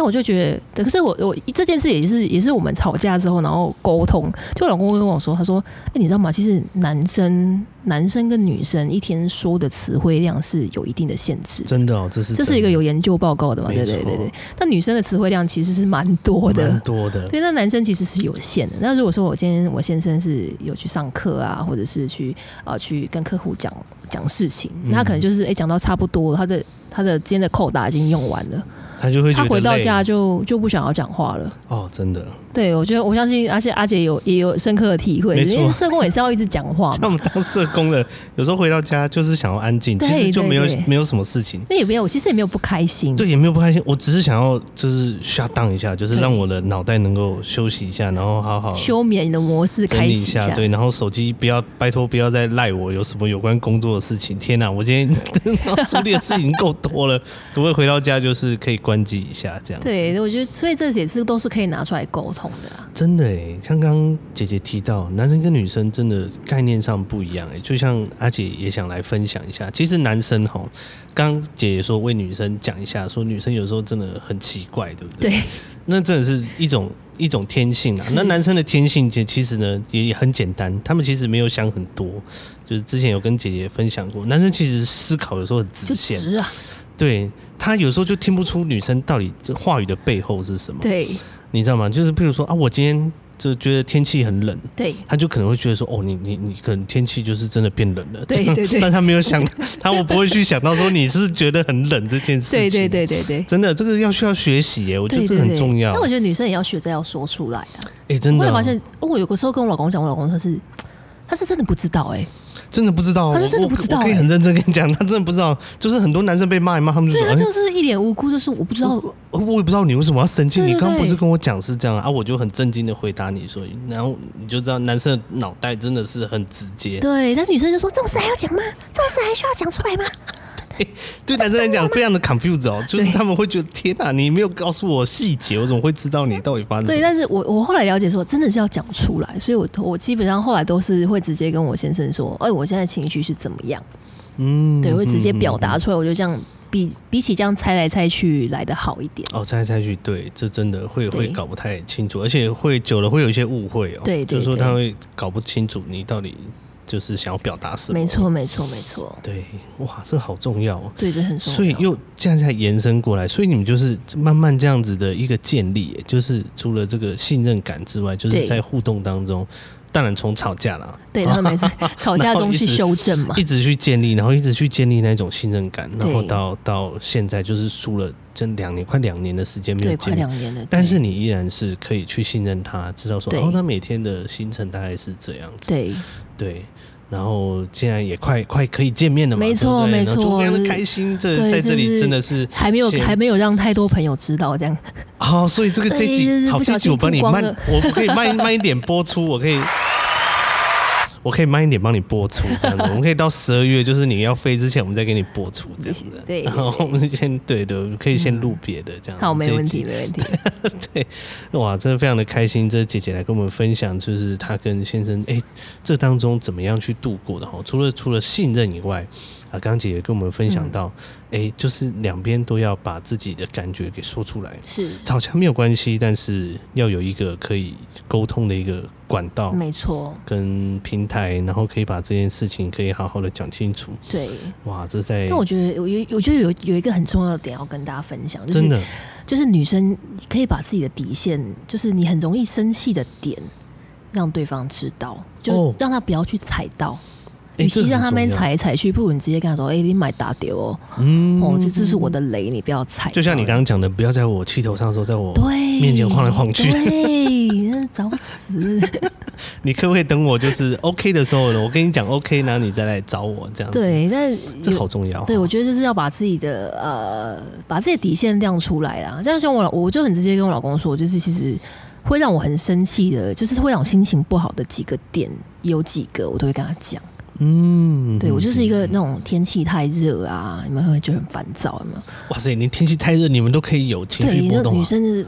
那我就覺得，可是我我這件事也是也是我們吵架之後，然後溝通，就老公會跟我說，他說：“哎，你知道嗎？其實男生男生跟女生一天說的詞彙量是有一定的限制的，真的哦，這是這是一個有研究報告的嘛？對對對對。但女生的詞彙量其實是蠻多的，很多的。所以那男生其實是有限的。那如果說我今天我先生是有去上課啊，或者是去啊、呃、去跟客戶講講事情，嗯、那他可能就是哎講到差不多，他的他的今天的扣打已經用完了。”他就會，他回到家就就不想要講話了。哦，真的。對，我覺得我相信，而且阿姐也有也有深刻的體會，因為社工也是要一直講話嘛，像我們當社工的，有時候回到家就是想要安靜，其實就沒有沒有什麼事情。那也沒有，其實也沒有不開心。對，也沒有不開心，我只是想要就是 shut down 一下，就是讓我的腦袋能夠休息一下，然後好好休眠的模式開心一下。對，然後手機不要拜托，不要再賴我，有什麼有關工作的事情。天哪，我今天處理的事情夠多了，我 [LAUGHS] 會回到家就是可以關機一下這樣。對，我覺得所以這也是都是可以拿出來溝通。真的哎，剛剛姐姐提到男生跟女生真的概念上不一樣哎，就像阿姐也想來分享一下，其實男生哈、哦，剛，剛姐姐說為女生講一下，說女生有時候真的很奇怪，對不對？對，那真的是一種一種天性啊。那男生的天性，其其實呢也也很簡單，他們其實沒有想很多，就是之前有跟姐姐分享過，男生其實思考有時候很直線直、啊，對，他有時候就聽不出女生到底這話語的背後是什麼，對。你知道嗎？就是譬如說啊，我今天就覺得天氣很冷，對，他就可能會覺得說，哦，你你你可能天氣就是真的變冷了，對對對，但他沒有想他，我不會去想到說你是覺得很冷這件事情，對對對對，真的這個要需要學習耶，我覺得這個很重要。但我覺得女生也要學着要說出來啊，誒，真的啊，我也發現我有個時候跟我老公講，我老公他是他是真的不知道哎。真的不知道，可是真的不知道欸。我我可以很認真跟你講，他真的不知道，就是很多男生被罵一罵，他們就說，他就是一臉無辜，就是我不知道。我，我也不知道你為什麼要生氣，你剛不是跟我講是這樣啊？我就很震驚的回答你，所以然後你就知道男生的腦袋真的是很直接。對，那女生就說：“這種事還要講嗎？這種事還需要講出來嗎？”對男生來講非常的 confused 哦，就是他們會覺得天哪、啊，你沒有告訴我細節，我怎麼會知道你到底發生什麼？對，但是我我後來了解說，真的是要講出來，所以我我基本上後來都是會直接跟我先生說，哎、欸，我現在情緒是怎麼樣？嗯，對，會直接表達出來，我覺得這樣比比起這樣猜來猜去來得好一點。哦，猜來猜去，對，這真的會會搞不太清楚，而且會久了會有一些誤會哦，對，對，對，對，就是、說他會搞不清楚你到底。就是想要表達什麼？沒錯，沒錯，沒錯。對，哇，這個好重要哦、啊。對，這很重要。所以又這樣子延伸過來，所以你們就是慢慢這樣子的一個建立，就是除了這個信任感之外，就是在互動當中，當然從吵架了，對，然後沒、啊、哈哈吵架中去修正嘛一，一直去建立，然後一直去建立那種信任感，然後到到現在就是輸了，這兩年，快兩年的時間沒有，對，快兩年了。但是你依然是可以去信任他，知道說哦，他每天的行程大概是這樣子，對，對。然後，現在也快快可以見面了嘛？沒錯，對對沒錯，非常的開心。這在這裡真的是還沒有還沒有讓太多朋友知道這樣。好、哦，所以這個這集好，這集我幫你慢，我可以慢 [LAUGHS] 慢一點播出，我可以。我可以慢一點幫你播出這樣子， [LAUGHS] 我們可以到十二月，就是你要飛之前，我們再給你播出這樣子。 [LAUGHS] 對，對，對，然後我們先對的，可以先錄別的這樣子、嗯。好，沒問題，沒問題對。對，哇，真的非常的開心，這姐姐來跟我們分享，就是她跟先生誒、欸，這當中怎麼樣去度過的哈？除了除了信任以外。啊，剛姐也跟我們分享到，嗯，誒、就是兩邊都要把自己的感覺給說出來，是吵架沒有關係，但是要有一個可以溝通的一個管道，沒錯，跟平台，然後可以把這件事情可以好好的講清楚。對，哇，這在……但我覺得，有，有，我覺得有有一個很重要的點要跟大家分享，就是，真的，就是女生可以把自己的底線，就是你很容易生氣的點，讓對方知道，就讓他不要去踩到。哦與其讓他們踩來踩去，不如你直接跟他說：“哎、欸，你買打丟哦、喔，哦、嗯，這、喔、這是我的雷，你不要踩。”就像你剛剛講的，不要在我氣頭上的時候，在我面前晃來晃去，找死！ [LAUGHS] 你可不可以等我？就是 OK 的時候呢？我跟你講 OK，然後你再來找我這樣子。對，那這好重要。對，我覺得就是要把自己的呃，把自己的底線亮出來啊。這樣像我，我就很直接跟我老公說，就是其實會讓我很生氣的，就是會讓我心情不好的幾個點，有幾個我都會跟他講。嗯，對我就是一個那種天氣太熱啊，你們會覺得很煩躁，有沒有？哇塞，你天氣太熱，你們都可以有情緒波動、啊對女生就是，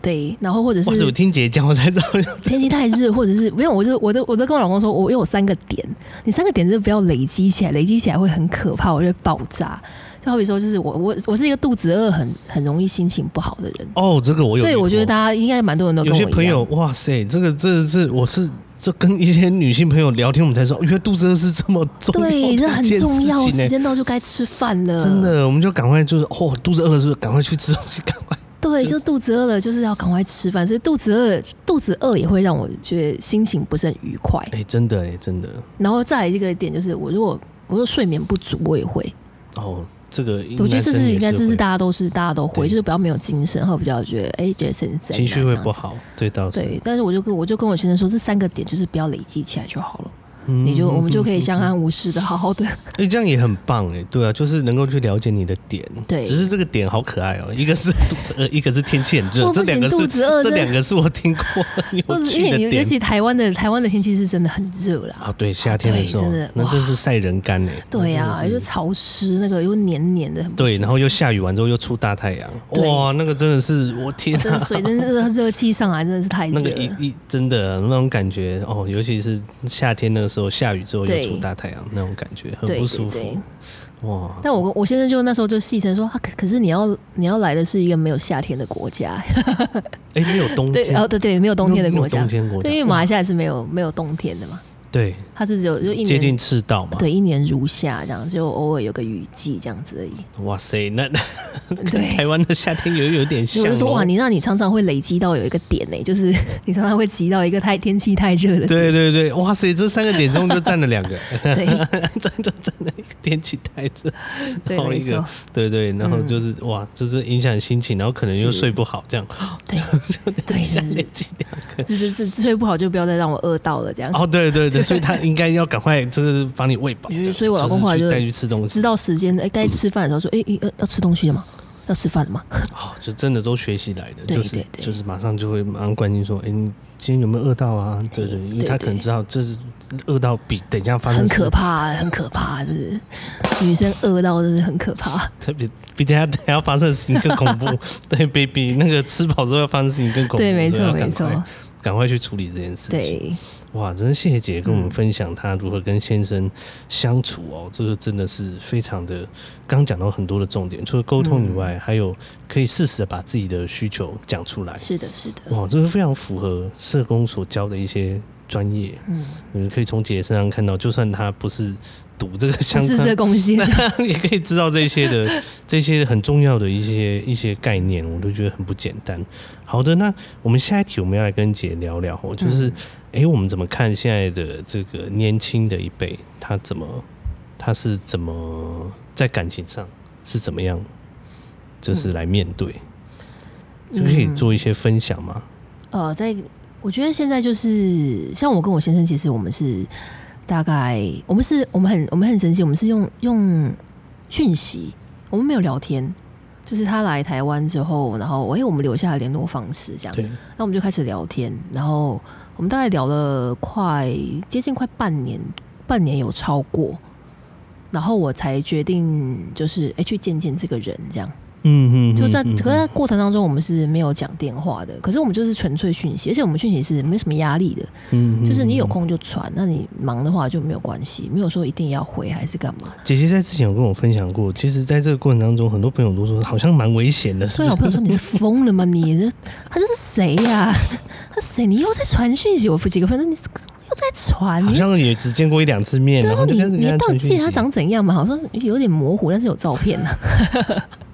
對，然後或者是我聽姐講，我才知道天氣太熱，或者是沒有，我就我都我都跟我老公說，我因為我三個點，你三個點就不要累積起來，累積起來會很可怕，我就會爆炸。就好比說，就是我我我是一個肚子餓很很容易心情不好的人。哦，這個我有，對我覺得大家應該蠻多人都有些朋友，哇塞，這個這個這個、是我是。這跟一些女性朋友聊天，我們才說，因為肚子餓是這麼重要的、欸、對這很重要，時間到就該吃飯了。真的，我們就趕快就是哦，肚子餓了，是不是趕快去吃東西？趕快吃。對，就肚子餓了，就是要趕快吃飯。所以肚子餓，肚子餓也會讓我覺得心情不是很愉快。哎、欸，真的。哎、欸，真的。然後再來，一個點就是，我如果我說睡眠不足，我也會哦。這個，我覺得這是應該這是大家都是，大家都會，就是不要沒有精神，然後比較覺得哎，Jason 情緒會不好，對倒是。對，但是我就跟我就跟我先生說，這三個點就是不要累積起來就好了。你就、嗯、我們就可以相安無事的好好的，哎，這樣也很棒哎，對啊，就是能夠去了解你的點，對，只是這個點好可愛哦、喔，一個是肚子餓，一個是天氣很熱，這兩個是肚子餓這兩個是我聽過的，因為尤其台灣的台灣的天氣是真的很熱啦，啊，對，夏天的時候，啊、真的那真的是曬人乾呢。對啊，是就潮濕，那個又黏黏的很，對，然後又下雨完之後又出大太陽，哇，那個真的是我天、啊，真、哦這個、水真的熱氣上來真的是太熱那個一一真的那種感覺哦，尤其是夏天的、那個。時候下雨之後，又出大太陽，那種感覺很不舒服，對對對哇！但我我先生就那時候就戲稱說：“可、啊、可是你要你要來的是一個沒有夏天的國家，哎， [LAUGHS] 沒有冬天哦，對對，沒有冬天的國家，國家對，因為馬來西亞是沒有、嗯、沒有冬天的嘛。”對。他是只有就一年接近赤道嘛？對，一年如夏這樣，就偶爾有個雨季這樣子而已。哇塞，那那台灣的夏天有有點像、哦。我就說哇，你讓你常常會累積到有一個點呢，就是你常常會急到一個太天氣太熱了。對對對，哇塞，這三個點中就占了兩個，占 [LAUGHS] 對 [LAUGHS] 就占了一個天氣太熱，對然後一對，對對，然後就是、嗯、哇，這是影響心情，然後可能又睡不好這樣。對對，就是這 [LAUGHS] 兩個。就是，是，是，是睡不好就不要再讓我餓到了這樣。哦，對對對，對，對，所以他。應該要趕快，就是把你餵飽。所以我老公後來就帶去，去吃東西，知道時間哎，該、欸、吃飯的時候說，哎、欸，要要吃東西了嗎？要吃飯了嗎？好、哦，就真的都學習來的，就是就是馬上就會馬上關心說，哎、欸，你今天有沒有餓到啊？對，對對，因為他可能知道這是餓到比等一下發生事，對對對，很可怕，很可怕，是，不是女生餓到真是很可怕，特別比等下等下發生的事情更恐怖， [LAUGHS] 對，比比那個吃飽之後要發生的事情更恐怖，對，沒錯沒錯，趕快去處理這件事情。對。哇！真的謝謝姐姐跟我們分享她如何跟先生相處哦、嗯，這個真的是非常的。剛講到很多的重點，除了溝通以外，嗯、還有可以適時的把自己的需求講出來。是的，是的。哇，這個非常符合社工所教的一些專業。嗯，你、嗯、可以從姐姐身上看到，就算她不是讀這個相，是社工系，也可以知道這些的 [LAUGHS] 這些很重要的一些一些概念，我都覺得很不簡單。好的，那我們下一題我們要來跟姐姐聊聊，哦，就是。嗯哎、欸，我們怎麼看現在的這個年輕的一輩？他怎麼？他是怎麼在感情上是怎麼樣？就是來面對，就、嗯、可以做一些分享嗎？嗯、呃，在我覺得現在就是像我跟我先生，其實我們是大概我們是我們很我們很神奇，我們是用用訊息，我們沒有聊天。就是他來台灣之後，然後因、欸、我們留下了聯絡方式，這樣，那我們就開始聊天，然後。我們大概聊了快接近快半年，半年有超過，然後我才決定就是，欸，去見見這個人這樣。嗯哼嗯，就在嗯哼嗯哼，可是在過程當中，我們是沒有講電話的，可是我們就是純粹訊息，而且我們訊息是沒什麼壓力的。嗯哼嗯哼就是你有空就傳，那你忙的話就沒有關係，沒有說一定要回還是幹嘛。姐姐在之前有跟我分享過，其實在這個過程當中，很多朋友都說好像蠻危險的，所以有朋友說你是瘋了嗎？你 [LAUGHS] 他這是誰呀、啊？ [LAUGHS] 他誰？你又在傳訊息？我夫幾個？反正你又在傳，好像也只見過一兩次面。啊、然後就跟你你跟到底記他長怎樣嘛？好像有點模糊，但是有照片呢、啊。 [LAUGHS]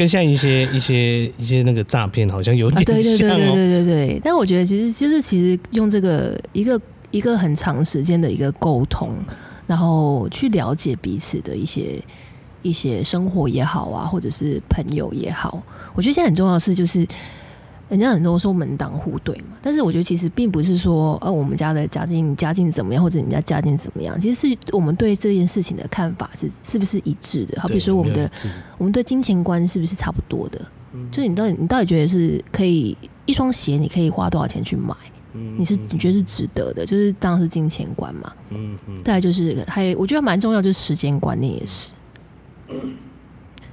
更像一些一些一些那個詐騙，好像有點像、哦啊、對對對對對對。但我覺得其實，就是其實用這個一個一個很長時間的一個溝通，然後去了解彼此的一些一些生活也好啊，或者是朋友也好，我覺得現在很重要的是就是。人家很多說門當戶對嘛，但是我覺得其實並不是說，呃、啊，我們家的家境家境怎麼樣，或者你們家家境怎麼樣，其實是我們對這件事情的看法是是不是一致的。好比如說，我們的我們對金錢觀是不是差不多的？嗯、就是你到底你到底覺得是可以一雙鞋你可以花多少錢去買？你是你覺得是值得的，就是當然是金錢觀嘛。嗯嗯。再來就是還有我覺得蠻重要就是時間觀念也是，嗯、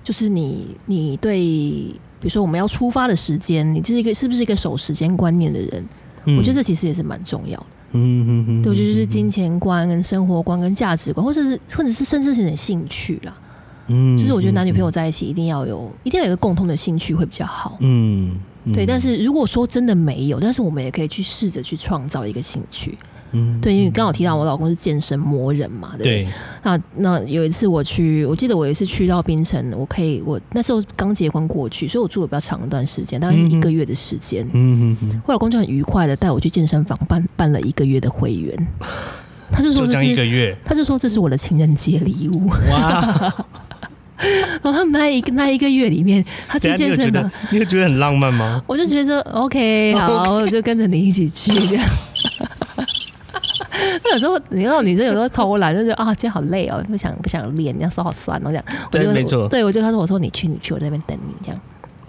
就是你你對。比如說，我們要出發的時間，你這是一個是不是一個守時間觀念的人，嗯？我覺得這其實也是蠻重要的。嗯嗯嗯，對，我覺得就是金錢觀、跟生活觀、跟價值觀，或者是，甚至是，甚至是你的興趣啦。嗯，就是我覺得男女朋友在一起一定要有，嗯、一定要有一定要有一個共同的興趣會比較好嗯。嗯，對。但是如果說真的沒有，但是我們也可以去試着去創造一個興趣。嗯，對，因為剛好提到我老公是健身魔人嘛，對，對，對，那那有一次我去，我記得我有一次去到檳城，我可以，我那時候剛結婚過去，所以我住了比較長一段時間，嗯、大概是一個月的時間。嗯嗯，嗯，我老公就很愉快的帶我去健身房辦辦了一個月的會員，他就說這是這一個月，他就說這是我的情人節禮物。哇！然 [LAUGHS] 後他們那一那一個月裡面，他去健身的，你會覺，覺得很浪漫嗎？我就覺得說 OK，好，okay. 我就跟着你一起去這樣。 [LAUGHS] 有時候，你知道，女生有時候偷懶，就覺得啊，今天好累哦，不想不想練、哦，這樣手好酸。我講，對，我就沒錯，對，我就他說，我說你去，你去，我這邊等你這樣。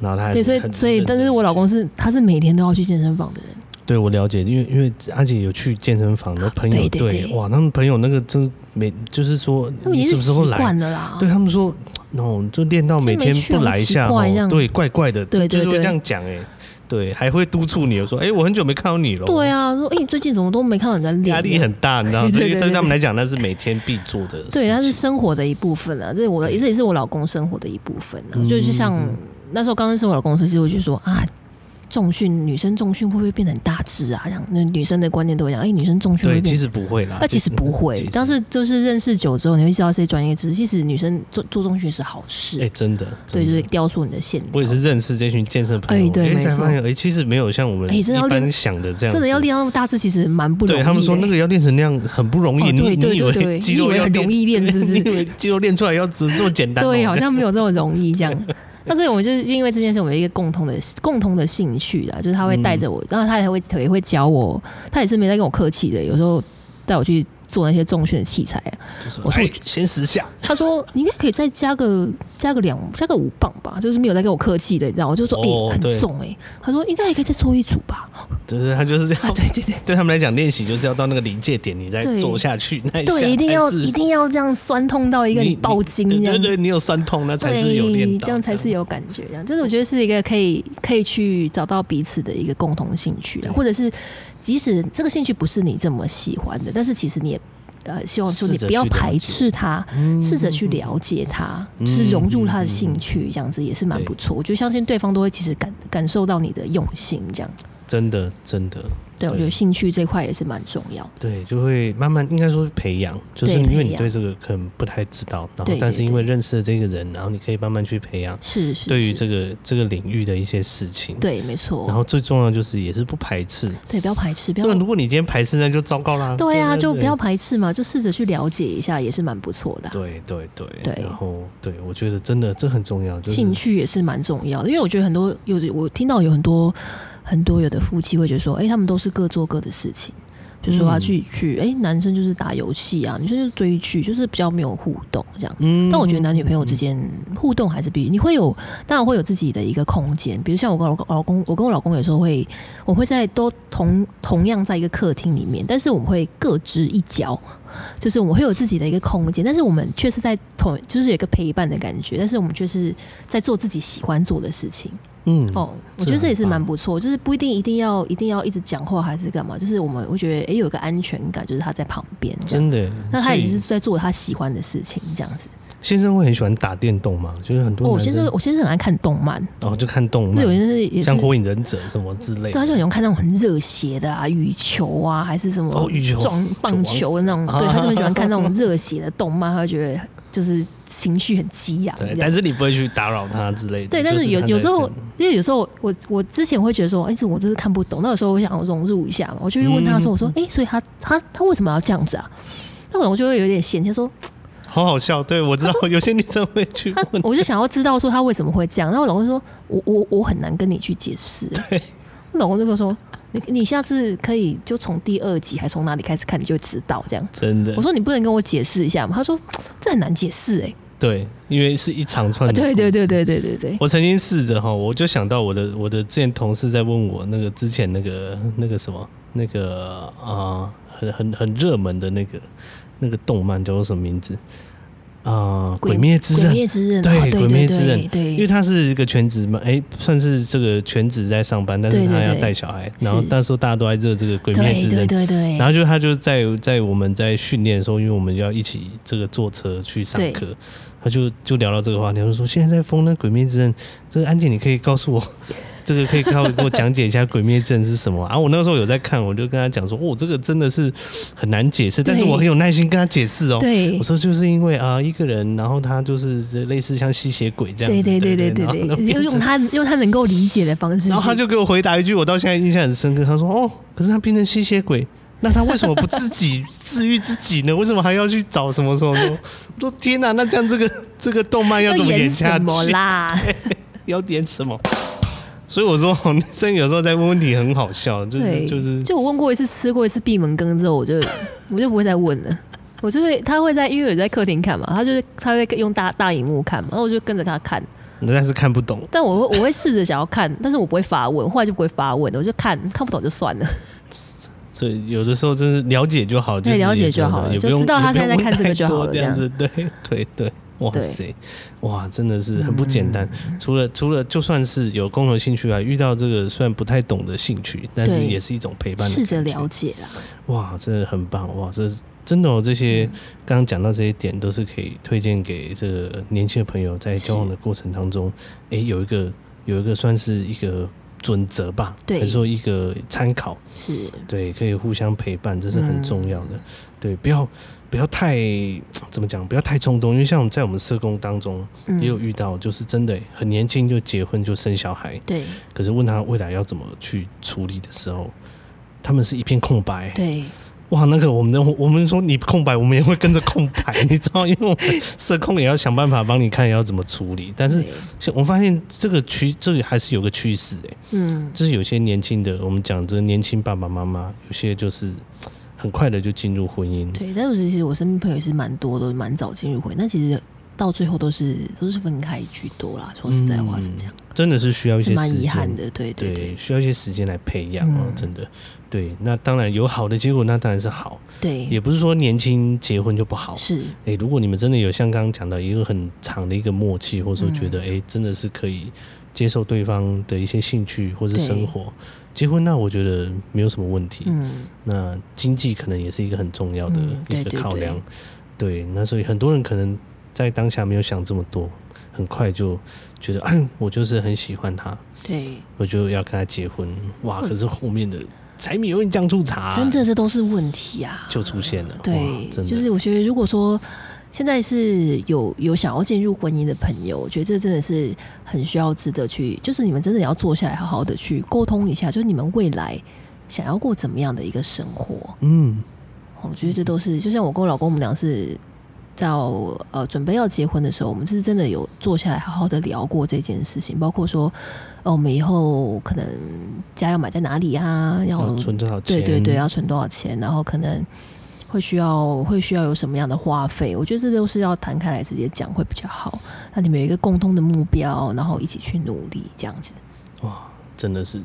然後他還是，對，所以，所以，但是我老公是，他是每天都要去健身房的人。對，我了解，因為因為阿姐有去健身房的朋友對，對,對,對，哇，他們朋友那個真每，就是說，你是是來他們就是習慣了啦。對他們說，哦、喔，就練到每天不來一下，喔、對，怪怪的，對,對，對,對，對，這樣講、欸，哎。對，還會督促你，說，哎、欸，我很久沒看到你了。對啊，說，哎、欸，最近怎麼都沒看到你在練、啊？壓力很大，你知道，對於對,對、對、對、對、對、對他們來講，那是每天必做的事。對，那是生活的一部分啊。這是我的，這也是我老公生活的一部分了、啊。就是像那時候剛認識我老公其實會就說、嗯、啊。重訓，女生重訓會不會變得很大隻啊這樣？那女生的觀念都會講，哎、欸，女生重訓會變，其實不會啦。那其實不會，但是就是認識久之後，你會知道這些專業知識。其實女生做做重訓是好事。哎、欸，真的，對的，就是雕塑你的線條。我也是認識這群健身朋友，哎、欸、對哎、欸欸，其實沒有像我們一般、欸、的想的這樣。真的要練到那麼大隻，其實蠻不容易、欸。對，他們說那個要練成那樣很不容易。對，你你以為肌肉很容易練是不是？你以為肌肉練出來要只這麼簡單、喔？對，好像沒有這麼容易這樣。那所以，我們就是因為這件事，我們有一個共同的、共同的興趣的，就是他會帶着我，嗯、然後他也會、也會教我，他也是沒在跟我客氣的，有時候帶我去，做那些重訓的器材啊，就是，我說我先十下，他說你應該可以再加個加個兩加個五磅吧，就是沒有在跟我客氣的，你知道，我就說哎、哦欸、很重哎、欸，他說應該還可以再做一組吧，就是他就是這樣，啊，對對對，對他們來講練習就是要到那個臨界點，你再做下去那一下，對，對一定要一定要這樣痠痛到一個爆筋這樣，你你對，對對，你有痠痛那才是有練，這樣才是有感覺，這樣就是我覺得是一個可以可以去找到彼此的一個共同興趣或者是。即使這個興趣不是你這麼喜歡的，但是其實你也呃希望說你不要排斥他，試着去、嗯、去了解他，嗯，就是融入他的興趣這樣子也是蠻不錯。我覺得相信對方都會其實感感受到你的用心這樣。真的，真的，對，對，我覺得興趣這塊也是蠻重要的。對，就會慢慢，應該說培養，就是因為你對這個可能不太知道，對然後但是因為認識了這個人，對對對然後你可以慢慢去培養。是是。對於這個是是是這個領域的一些事情，對，對沒錯。然後最重要就是也是不排斥。對，不要排斥。不要。如果你今天排斥，那就糟糕啦，啊。對啊對，就不要排斥嘛，就試着去了解一下，也是蠻不錯的，啊。對對對。對然後對，我覺得真的這很重要，就是，興趣也是蠻重要的，因為我覺得很多有我聽到有很多。很多有的夫妻會覺得說，誒、欸，他們都是各做各的事情，就是、說啊，去、嗯、去，誒、欸，男生就是打遊戲啊，女生就是追劇，就是比較沒有互動這樣、嗯。但我覺得男女朋友之間互動還是比你會有，當然會有自己的一個空間。比如像我跟我老公，我跟我老公有時候會，我會在都同同樣在一個客廳裡面，但是我們會各執一角。就是我們會有自己的一個空間，但是我們卻是在同就是有一個陪伴的感覺，但是我們卻是在做自己喜歡做的事情。嗯哦，我覺得這也是蠻不錯，就是不一定一定要一定要一直講話還是幹嘛，就是我們會覺得哎、欸，有一個安全感，就是他在旁邊，真的。那他也是在做他喜歡的事情，這樣子。先生會很喜歡打電動嗎？就是很多、哦。我先生，我先生很愛看動漫，哦，就看動漫。有些人是，是像火影忍者什麼之類的，他、啊、就很喜歡看那種很熱血的啊，羽球啊，還是什麼哦，羽球，撞棒球的那種。對，他就很喜歡看那種熱血的動漫， [LAUGHS] 他覺得就是。情緒很激昂，但是你不會去打擾他之類的。對，但是有、就是、有時候，因為有時候我我之前會覺得說，哎，這我真是看不懂。那有時候我想要融入一下嘛，我就會問他說、嗯，我說，哎，所以他他他為什麼要這樣子啊？那我老公就會有點嫌棄說，好好笑。對，我知道有些女生會去問，我就想要知道說他為什麼會這樣。然後老公就說，我我我很難跟你去解釋。對，我老公就說說。你你下次可以就從第二集，還從哪裡開始看，你就會知道這樣。真的，我說，你不能跟我解釋一下嗎？他說，這很難解釋欸。對，因為是一長串的。啊，對對對對對對。我曾經試着哈，我就想到我的我的之前同事在問我那個之前那個那個什麼那個啊，呃，很很很熱門的那個那個動漫叫做什麼名字？啊、呃，鬼滅之刃，鬼滅之刃，對，鬼滅之刃，對，對，對，對，因為他是一個全職嘛，哎、欸，算是這個全職在上班，但是他要帶小孩，對對對，然後那時候大家都在熱這個鬼滅之刃，對對，對，對對，然後就他就在在我們在訓練的時候，因為我們要一起這個坐車去上課，對對對對，他就就聊到這個話題，他說現在在封呢鬼滅之刃，這個案件你可以告訴我。這個可以靠給我講解一下鬼滅之刃是什麼啊？啊我那個時候有在看，我就跟他講說，哦，這個真的是很難解釋，但是我很有耐心跟他解釋哦。對，我說就是因為啊、呃，一個人，然後他就是類似像吸血鬼這樣。對對對對對又用他用他能夠理解的方式。然後他就給我回答一句，我到現在印象很深刻。他說，哦，可是他變成吸血鬼，那他為什麼不自己 [LAUGHS] 治癒自己呢？為什麼還要去找什麼什麼，什麼？我說天哪、啊，那這樣這個這個動漫要怎麼演下去？麼啦，欸、要演什麼？所以我說，真有時候在問問題很好笑，就是就是，就我問過一次，吃過一次閉門羹之後，我就我就不會再問了。 [LAUGHS] 我就會他會在，因為我在客廳看嘛，他就是他會用大大熒幕看嘛，然後我就跟着他看，但是看不懂。嗯、但我我會試着想要看，但是我不會發問，後來就不會發問的，我就看看不懂就算了。 [LAUGHS] 所以有的時候真是了解就好，就是、對了解就好了，就知道他現在在看這個就好了。這樣子，對對對。對哇塞，哇，真的是很不簡單。除、嗯、了除了，除了就算是有共同興趣外、啊，遇到這個雖然不太懂的興趣，但是也是一種陪伴的，試着了解啊。哇，這很棒哇，這真的哦，這些剛剛講到這些點，都是可以推薦給這個年輕的朋友在交往的過程當中，誒，有一個有一個算是一個準則吧，對，還是說一個參考，是對，可以互相陪伴，這是很重要的，嗯、對，不要。不要太怎麼講，不要太衝動，因為像在我們社工當中、嗯、也有遇到，就是真的、欸、很年輕就結婚就生小孩，對。可是問他未來要怎麼去處理的時候，他們是一片空白。對。哇，那個我們的我們說你空白，我們也會跟着空白， [LAUGHS] 你知道，因為我們社工也要想辦法幫你看要怎麼處理。但是像我發現這個趨，這個還是有個趨勢哎，嗯，就是有些年輕的，我們講這個年輕爸爸媽媽，有些就是。很快的就進入婚姻，對。但是其實我身邊朋友也是蠻多的，蠻早進入婚姻。那其實到最後都是都是分開居多啦。說實在話是這樣，嗯、真的是需要一些時間，是蠻遺憾的，對對，對，對需要一些時間來培養啊、嗯，真的。對，那當然有好的結果，那當然是好。對，也不是說年輕結婚就不好。是，哎、欸，如果你們真的有像剛剛講到一個很長的一個默契，或者說覺得哎、嗯欸，真的是可以接受對方的一些興趣或者生活。結婚，那我覺得沒有什麼問題。嗯，那經濟可能也是一個很重要的一個考量。嗯，對對對。對，那所以很多人可能在當下沒有想這麼多，很快就覺得，哎，我就是很喜歡他。對，我就要跟他結婚。哇，可是後面的柴米油鹽醬醋茶，真的這都是問題啊，就出現了。嗯，對，哇真的，就是我覺得如果說。現在是有有想要進入婚姻的朋友，我覺得這真的是很需要值得去，就是你們真的要坐下來好好的去溝通一下，就是你們未來想要過怎麼樣的一個生活？嗯，我覺得這都是就像我跟我老公，我們倆是到呃準備要結婚的時候，我們是真的有坐下來好好的聊過這件事情，包括說哦，我們以後可能家要買在哪裡啊，要，要存多少錢？對對對，要存多少錢？然後可能。會需要會需要有什麼樣的花費？我覺得這都是要攤開來直接講會比較好。那你們有一個共通的目標，然後一起去努力這樣子。哇，真的是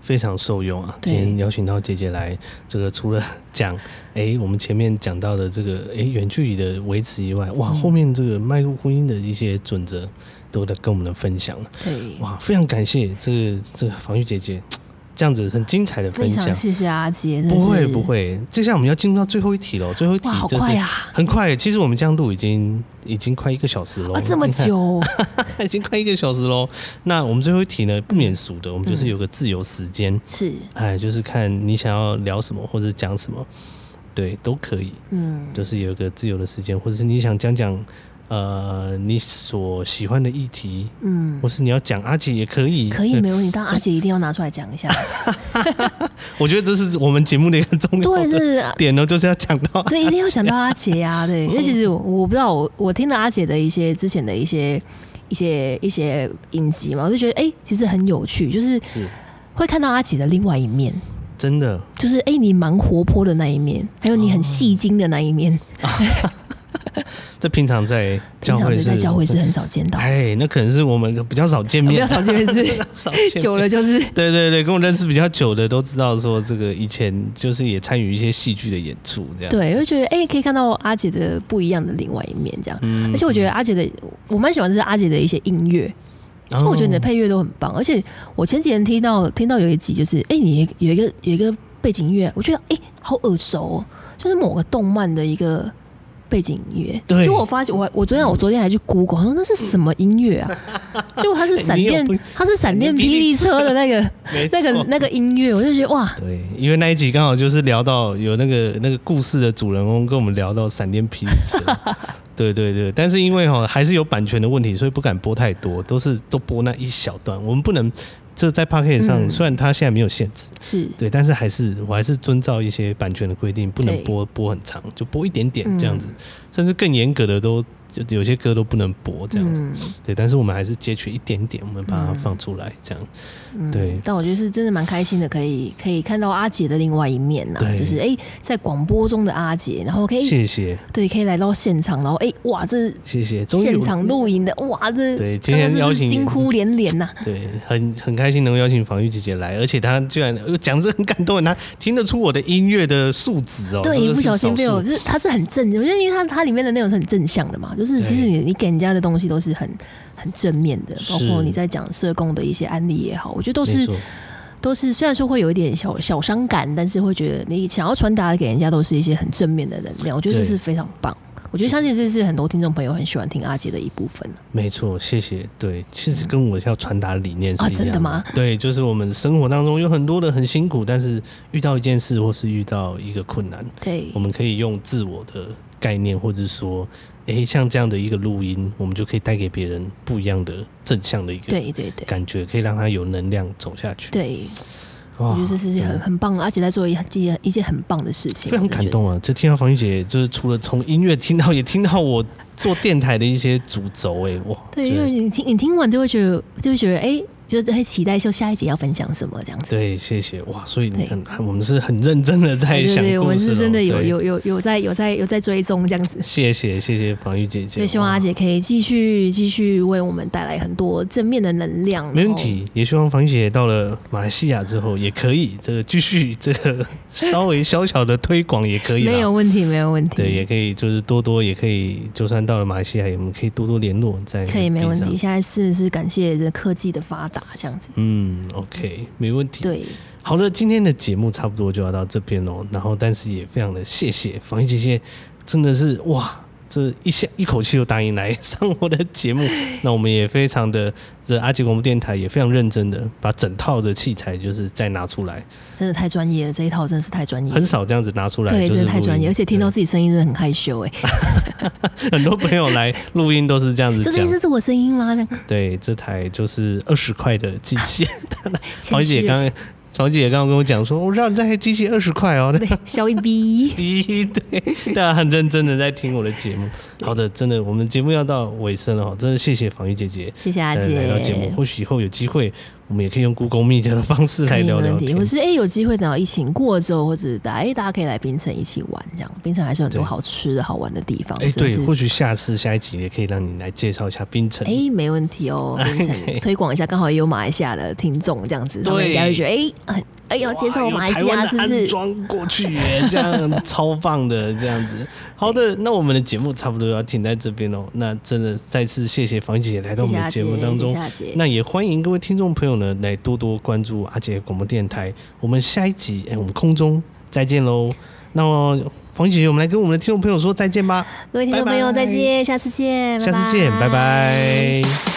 非常受用啊！今天邀請到姐姐來，這個除了講哎、欸、我們前面講到的這個哎遠、欸、距離的維持以外，哇，嗯、後面這個邁入婚姻的一些準則都得跟我們的分享了。對，哇，非常感謝這個這個芳瑜姐姐。這樣子很精彩的分享，謝謝阿捷。不會不會，接下來，我們要進入到最後一題了。最後一題就是很快，快啊、很快，其實我們這樣錄已經已經快一個小時了。這麼久，已經快一個小時嘍、啊。那我們最後一題呢，不免俗的、嗯，我們就是有個自由時間。是、嗯，哎，就是看你想要聊什麼或者講什麼，對，都可以。嗯，就是有一個自由的時間，或者是你想講講。呃，你所喜歡的議題，嗯，或是你要講阿姐也可以，可以，沒有問題。但阿姐一定要拿出來講一下，啊、 [LAUGHS] [LAUGHS] 我覺得這是我們節目的一個重點、哦，對，是點呢，就是要講到阿姐，對，一定要講到阿姐啊，對，因為、嗯、其實我，我不知道我我聽了阿姐的一些之前的一些一些一些影集嘛，我就覺得哎，其實很有趣，就是是會看到阿姐的另外一面，真的，就是哎，你蠻活潑的那一面，還有你很戲精的那一面。哦 [LAUGHS] 這平常在教會，在教會是很少見到的。哎，那可能是我們比較少見面，比較少見面是 [LAUGHS] 少見面久了就是。對對對，跟我認識比較久的都知道，說這個以前就是也參與一些戲劇的演出這樣。對，我就覺得哎、欸，可以看到阿姐的不一樣的另外一面這樣，嗯。而且我覺得阿姐的，我蠻喜歡的是阿姐的一些音樂，就我覺得你的配樂都很棒。哦，而且我前幾天聽到聽到有一集，就是哎、欸，你有一個有一個，有一個背景音樂，我覺得哎、欸，好耳熟，哦，就是某個動漫的一個。背景音樂，對，就我發現我我昨天我昨天還去 Google，他說那是什麼音樂啊？結果它是閃電，它是閃電霹靂車的那個那個那個音樂，我就覺得哇，對，因為那一集剛好就是聊到有那個那個故事的主人公跟我們聊到閃電霹靂車， [LAUGHS] 對對對，但是因為哈、喔、還是有版權的問題，所以不敢播太多，都是都播那一小段，我們不能。這在 Pocket 上、嗯，雖然它現在沒有限制，是對，但是還是我還是遵照一些版權的規定，不能播播很長，就播一點點這樣子，嗯、甚至更嚴格的都。就有些歌都不能播這樣子，嗯、對，但是我們還是截取一點點，我們把它放出來、嗯、這樣，對、嗯。但我覺得是真的蠻開心的，可以可以看到阿捷的另外一面吶、啊，就是哎、欸，在廣播中的阿捷，然後可以謝謝，對，可以來到現場，然後哎、欸，哇，這是謝謝，現場錄音的哇，這，對，今天邀請驚呼連連吶、啊，對，很很開心能夠邀請芳瑜姐姐來，而且她居然講得很感動，她聽得出我的音樂的素質哦，對，不小心被我就是，她是很正，我覺得因為她她裡面的內容是很正向的嘛。是，其實你你給人家的東西都是很很正面的，包括你在講社工的一些案例也好，我覺得都是都是雖然說會有一點小小傷感，但是會覺得你想要傳達給人家都是一些很正面的能量。我覺得這是非常棒，我覺得相信這是很多聽眾朋友很喜歡聽阿捷的一部分。沒錯，謝謝。對，其實跟我要傳達的理念是一樣的。嗯，啊真的嗎？對，就是我們生活當中有很多的很辛苦，但是遇到一件事或是遇到一個困難，對，我們可以用自我的概念，或者說。哎，像這樣的一個錄音，我們就可以帶給別人不一樣的正向的一個感覺。對對對，可以讓他有能量走下去。對，我覺得這是很、嗯、很棒的，而、啊、且在做一件一件很棒的事情，非常感動啊！就，就聽到芳瑜姊，就是除了從音樂聽到，也聽到我做電台的一些主軸、欸。哎，哇，對，因為你聽，你聽完就會覺得，就會覺得，哎。就是很期待說下一集要分享什麼這樣子。對，謝謝哇！所以你看，我們是很認真的在想。對，對，對，我們是真的有有有有在有在有在追蹤這樣子。謝謝謝謝芳瑜姐姐。對，希望阿姐可以繼續繼續為我們帶來很多正面的能量。沒問題，也希望芳瑜姐、姐到了馬來西亞之後也可以這個繼續這個稍微小小的推廣也可以。 [LAUGHS] 沒有問題，沒有問題。對，也可以就是多多也可以，就算到了馬來西亞，我們可以多多聯絡在。可以，沒問題。現在是是感謝這科技的發達。這樣子嗯，嗯，OK，沒問題。對，好了，今天的節目差不多就要到這邊咯，然後，但是也非常的謝謝芳瑜姊姊，真的是哇。是一下一口氣就答應來上我的節目，那我們也非常的這阿捷廣播電台也非常認真的把整套的器材就是再拿出來，真的太專業了，這一套真的是太專業，很少這樣子拿出來，對，真的太專業，而且聽到自己聲音真的很害羞哎、欸， [LAUGHS] 很多朋友來錄音都是這樣子，這聲音是我聲音嗎？對，這台就是二十塊的機器，黃姐剛。 [LAUGHS] 小姐姐剛剛跟我講說，我、哦、讓你這台機器二十塊哦，對，笑小一逼，逼，對，大家很認真的在聽我的節目。好的，真的，我們節目要到尾聲了哈、哦，真的謝謝芳瑜姐姐，謝謝阿姐來到節目，或許以後有機會。我們也可以用 Google Meet 的方式來聊聊天，沒有問題。或是哎、欸，有機會等到疫情過之後，或者哎，大家可以來檳城一起玩，這樣檳城還是有很多好吃的好玩的地方。哎、欸，對，或許下次下一集也可以讓你來介紹一下檳城。哎、欸，沒問題哦，檳城、okay、推廣一下，剛好也有馬來西亞的聽眾這樣子，對，大家就覺得哎、欸，哎，要介紹馬來西亞是不是？裝過去耶，這樣超棒的，這樣子。 [LAUGHS] 好的，那我們的節目差不多要停在這邊嘍。那真的再次謝謝芳瑜姐來到我們的節目當中，謝謝謝謝，那也歡迎各位聽眾朋友呢，來多多關注阿捷廣播電台。我們下一集，哎、我們空中再見嘍。那麼芳瑜姐，我們來跟我們的聽眾朋友說再見吧。各位聽眾朋友，拜拜再見，下次見，下次見，拜拜。拜拜。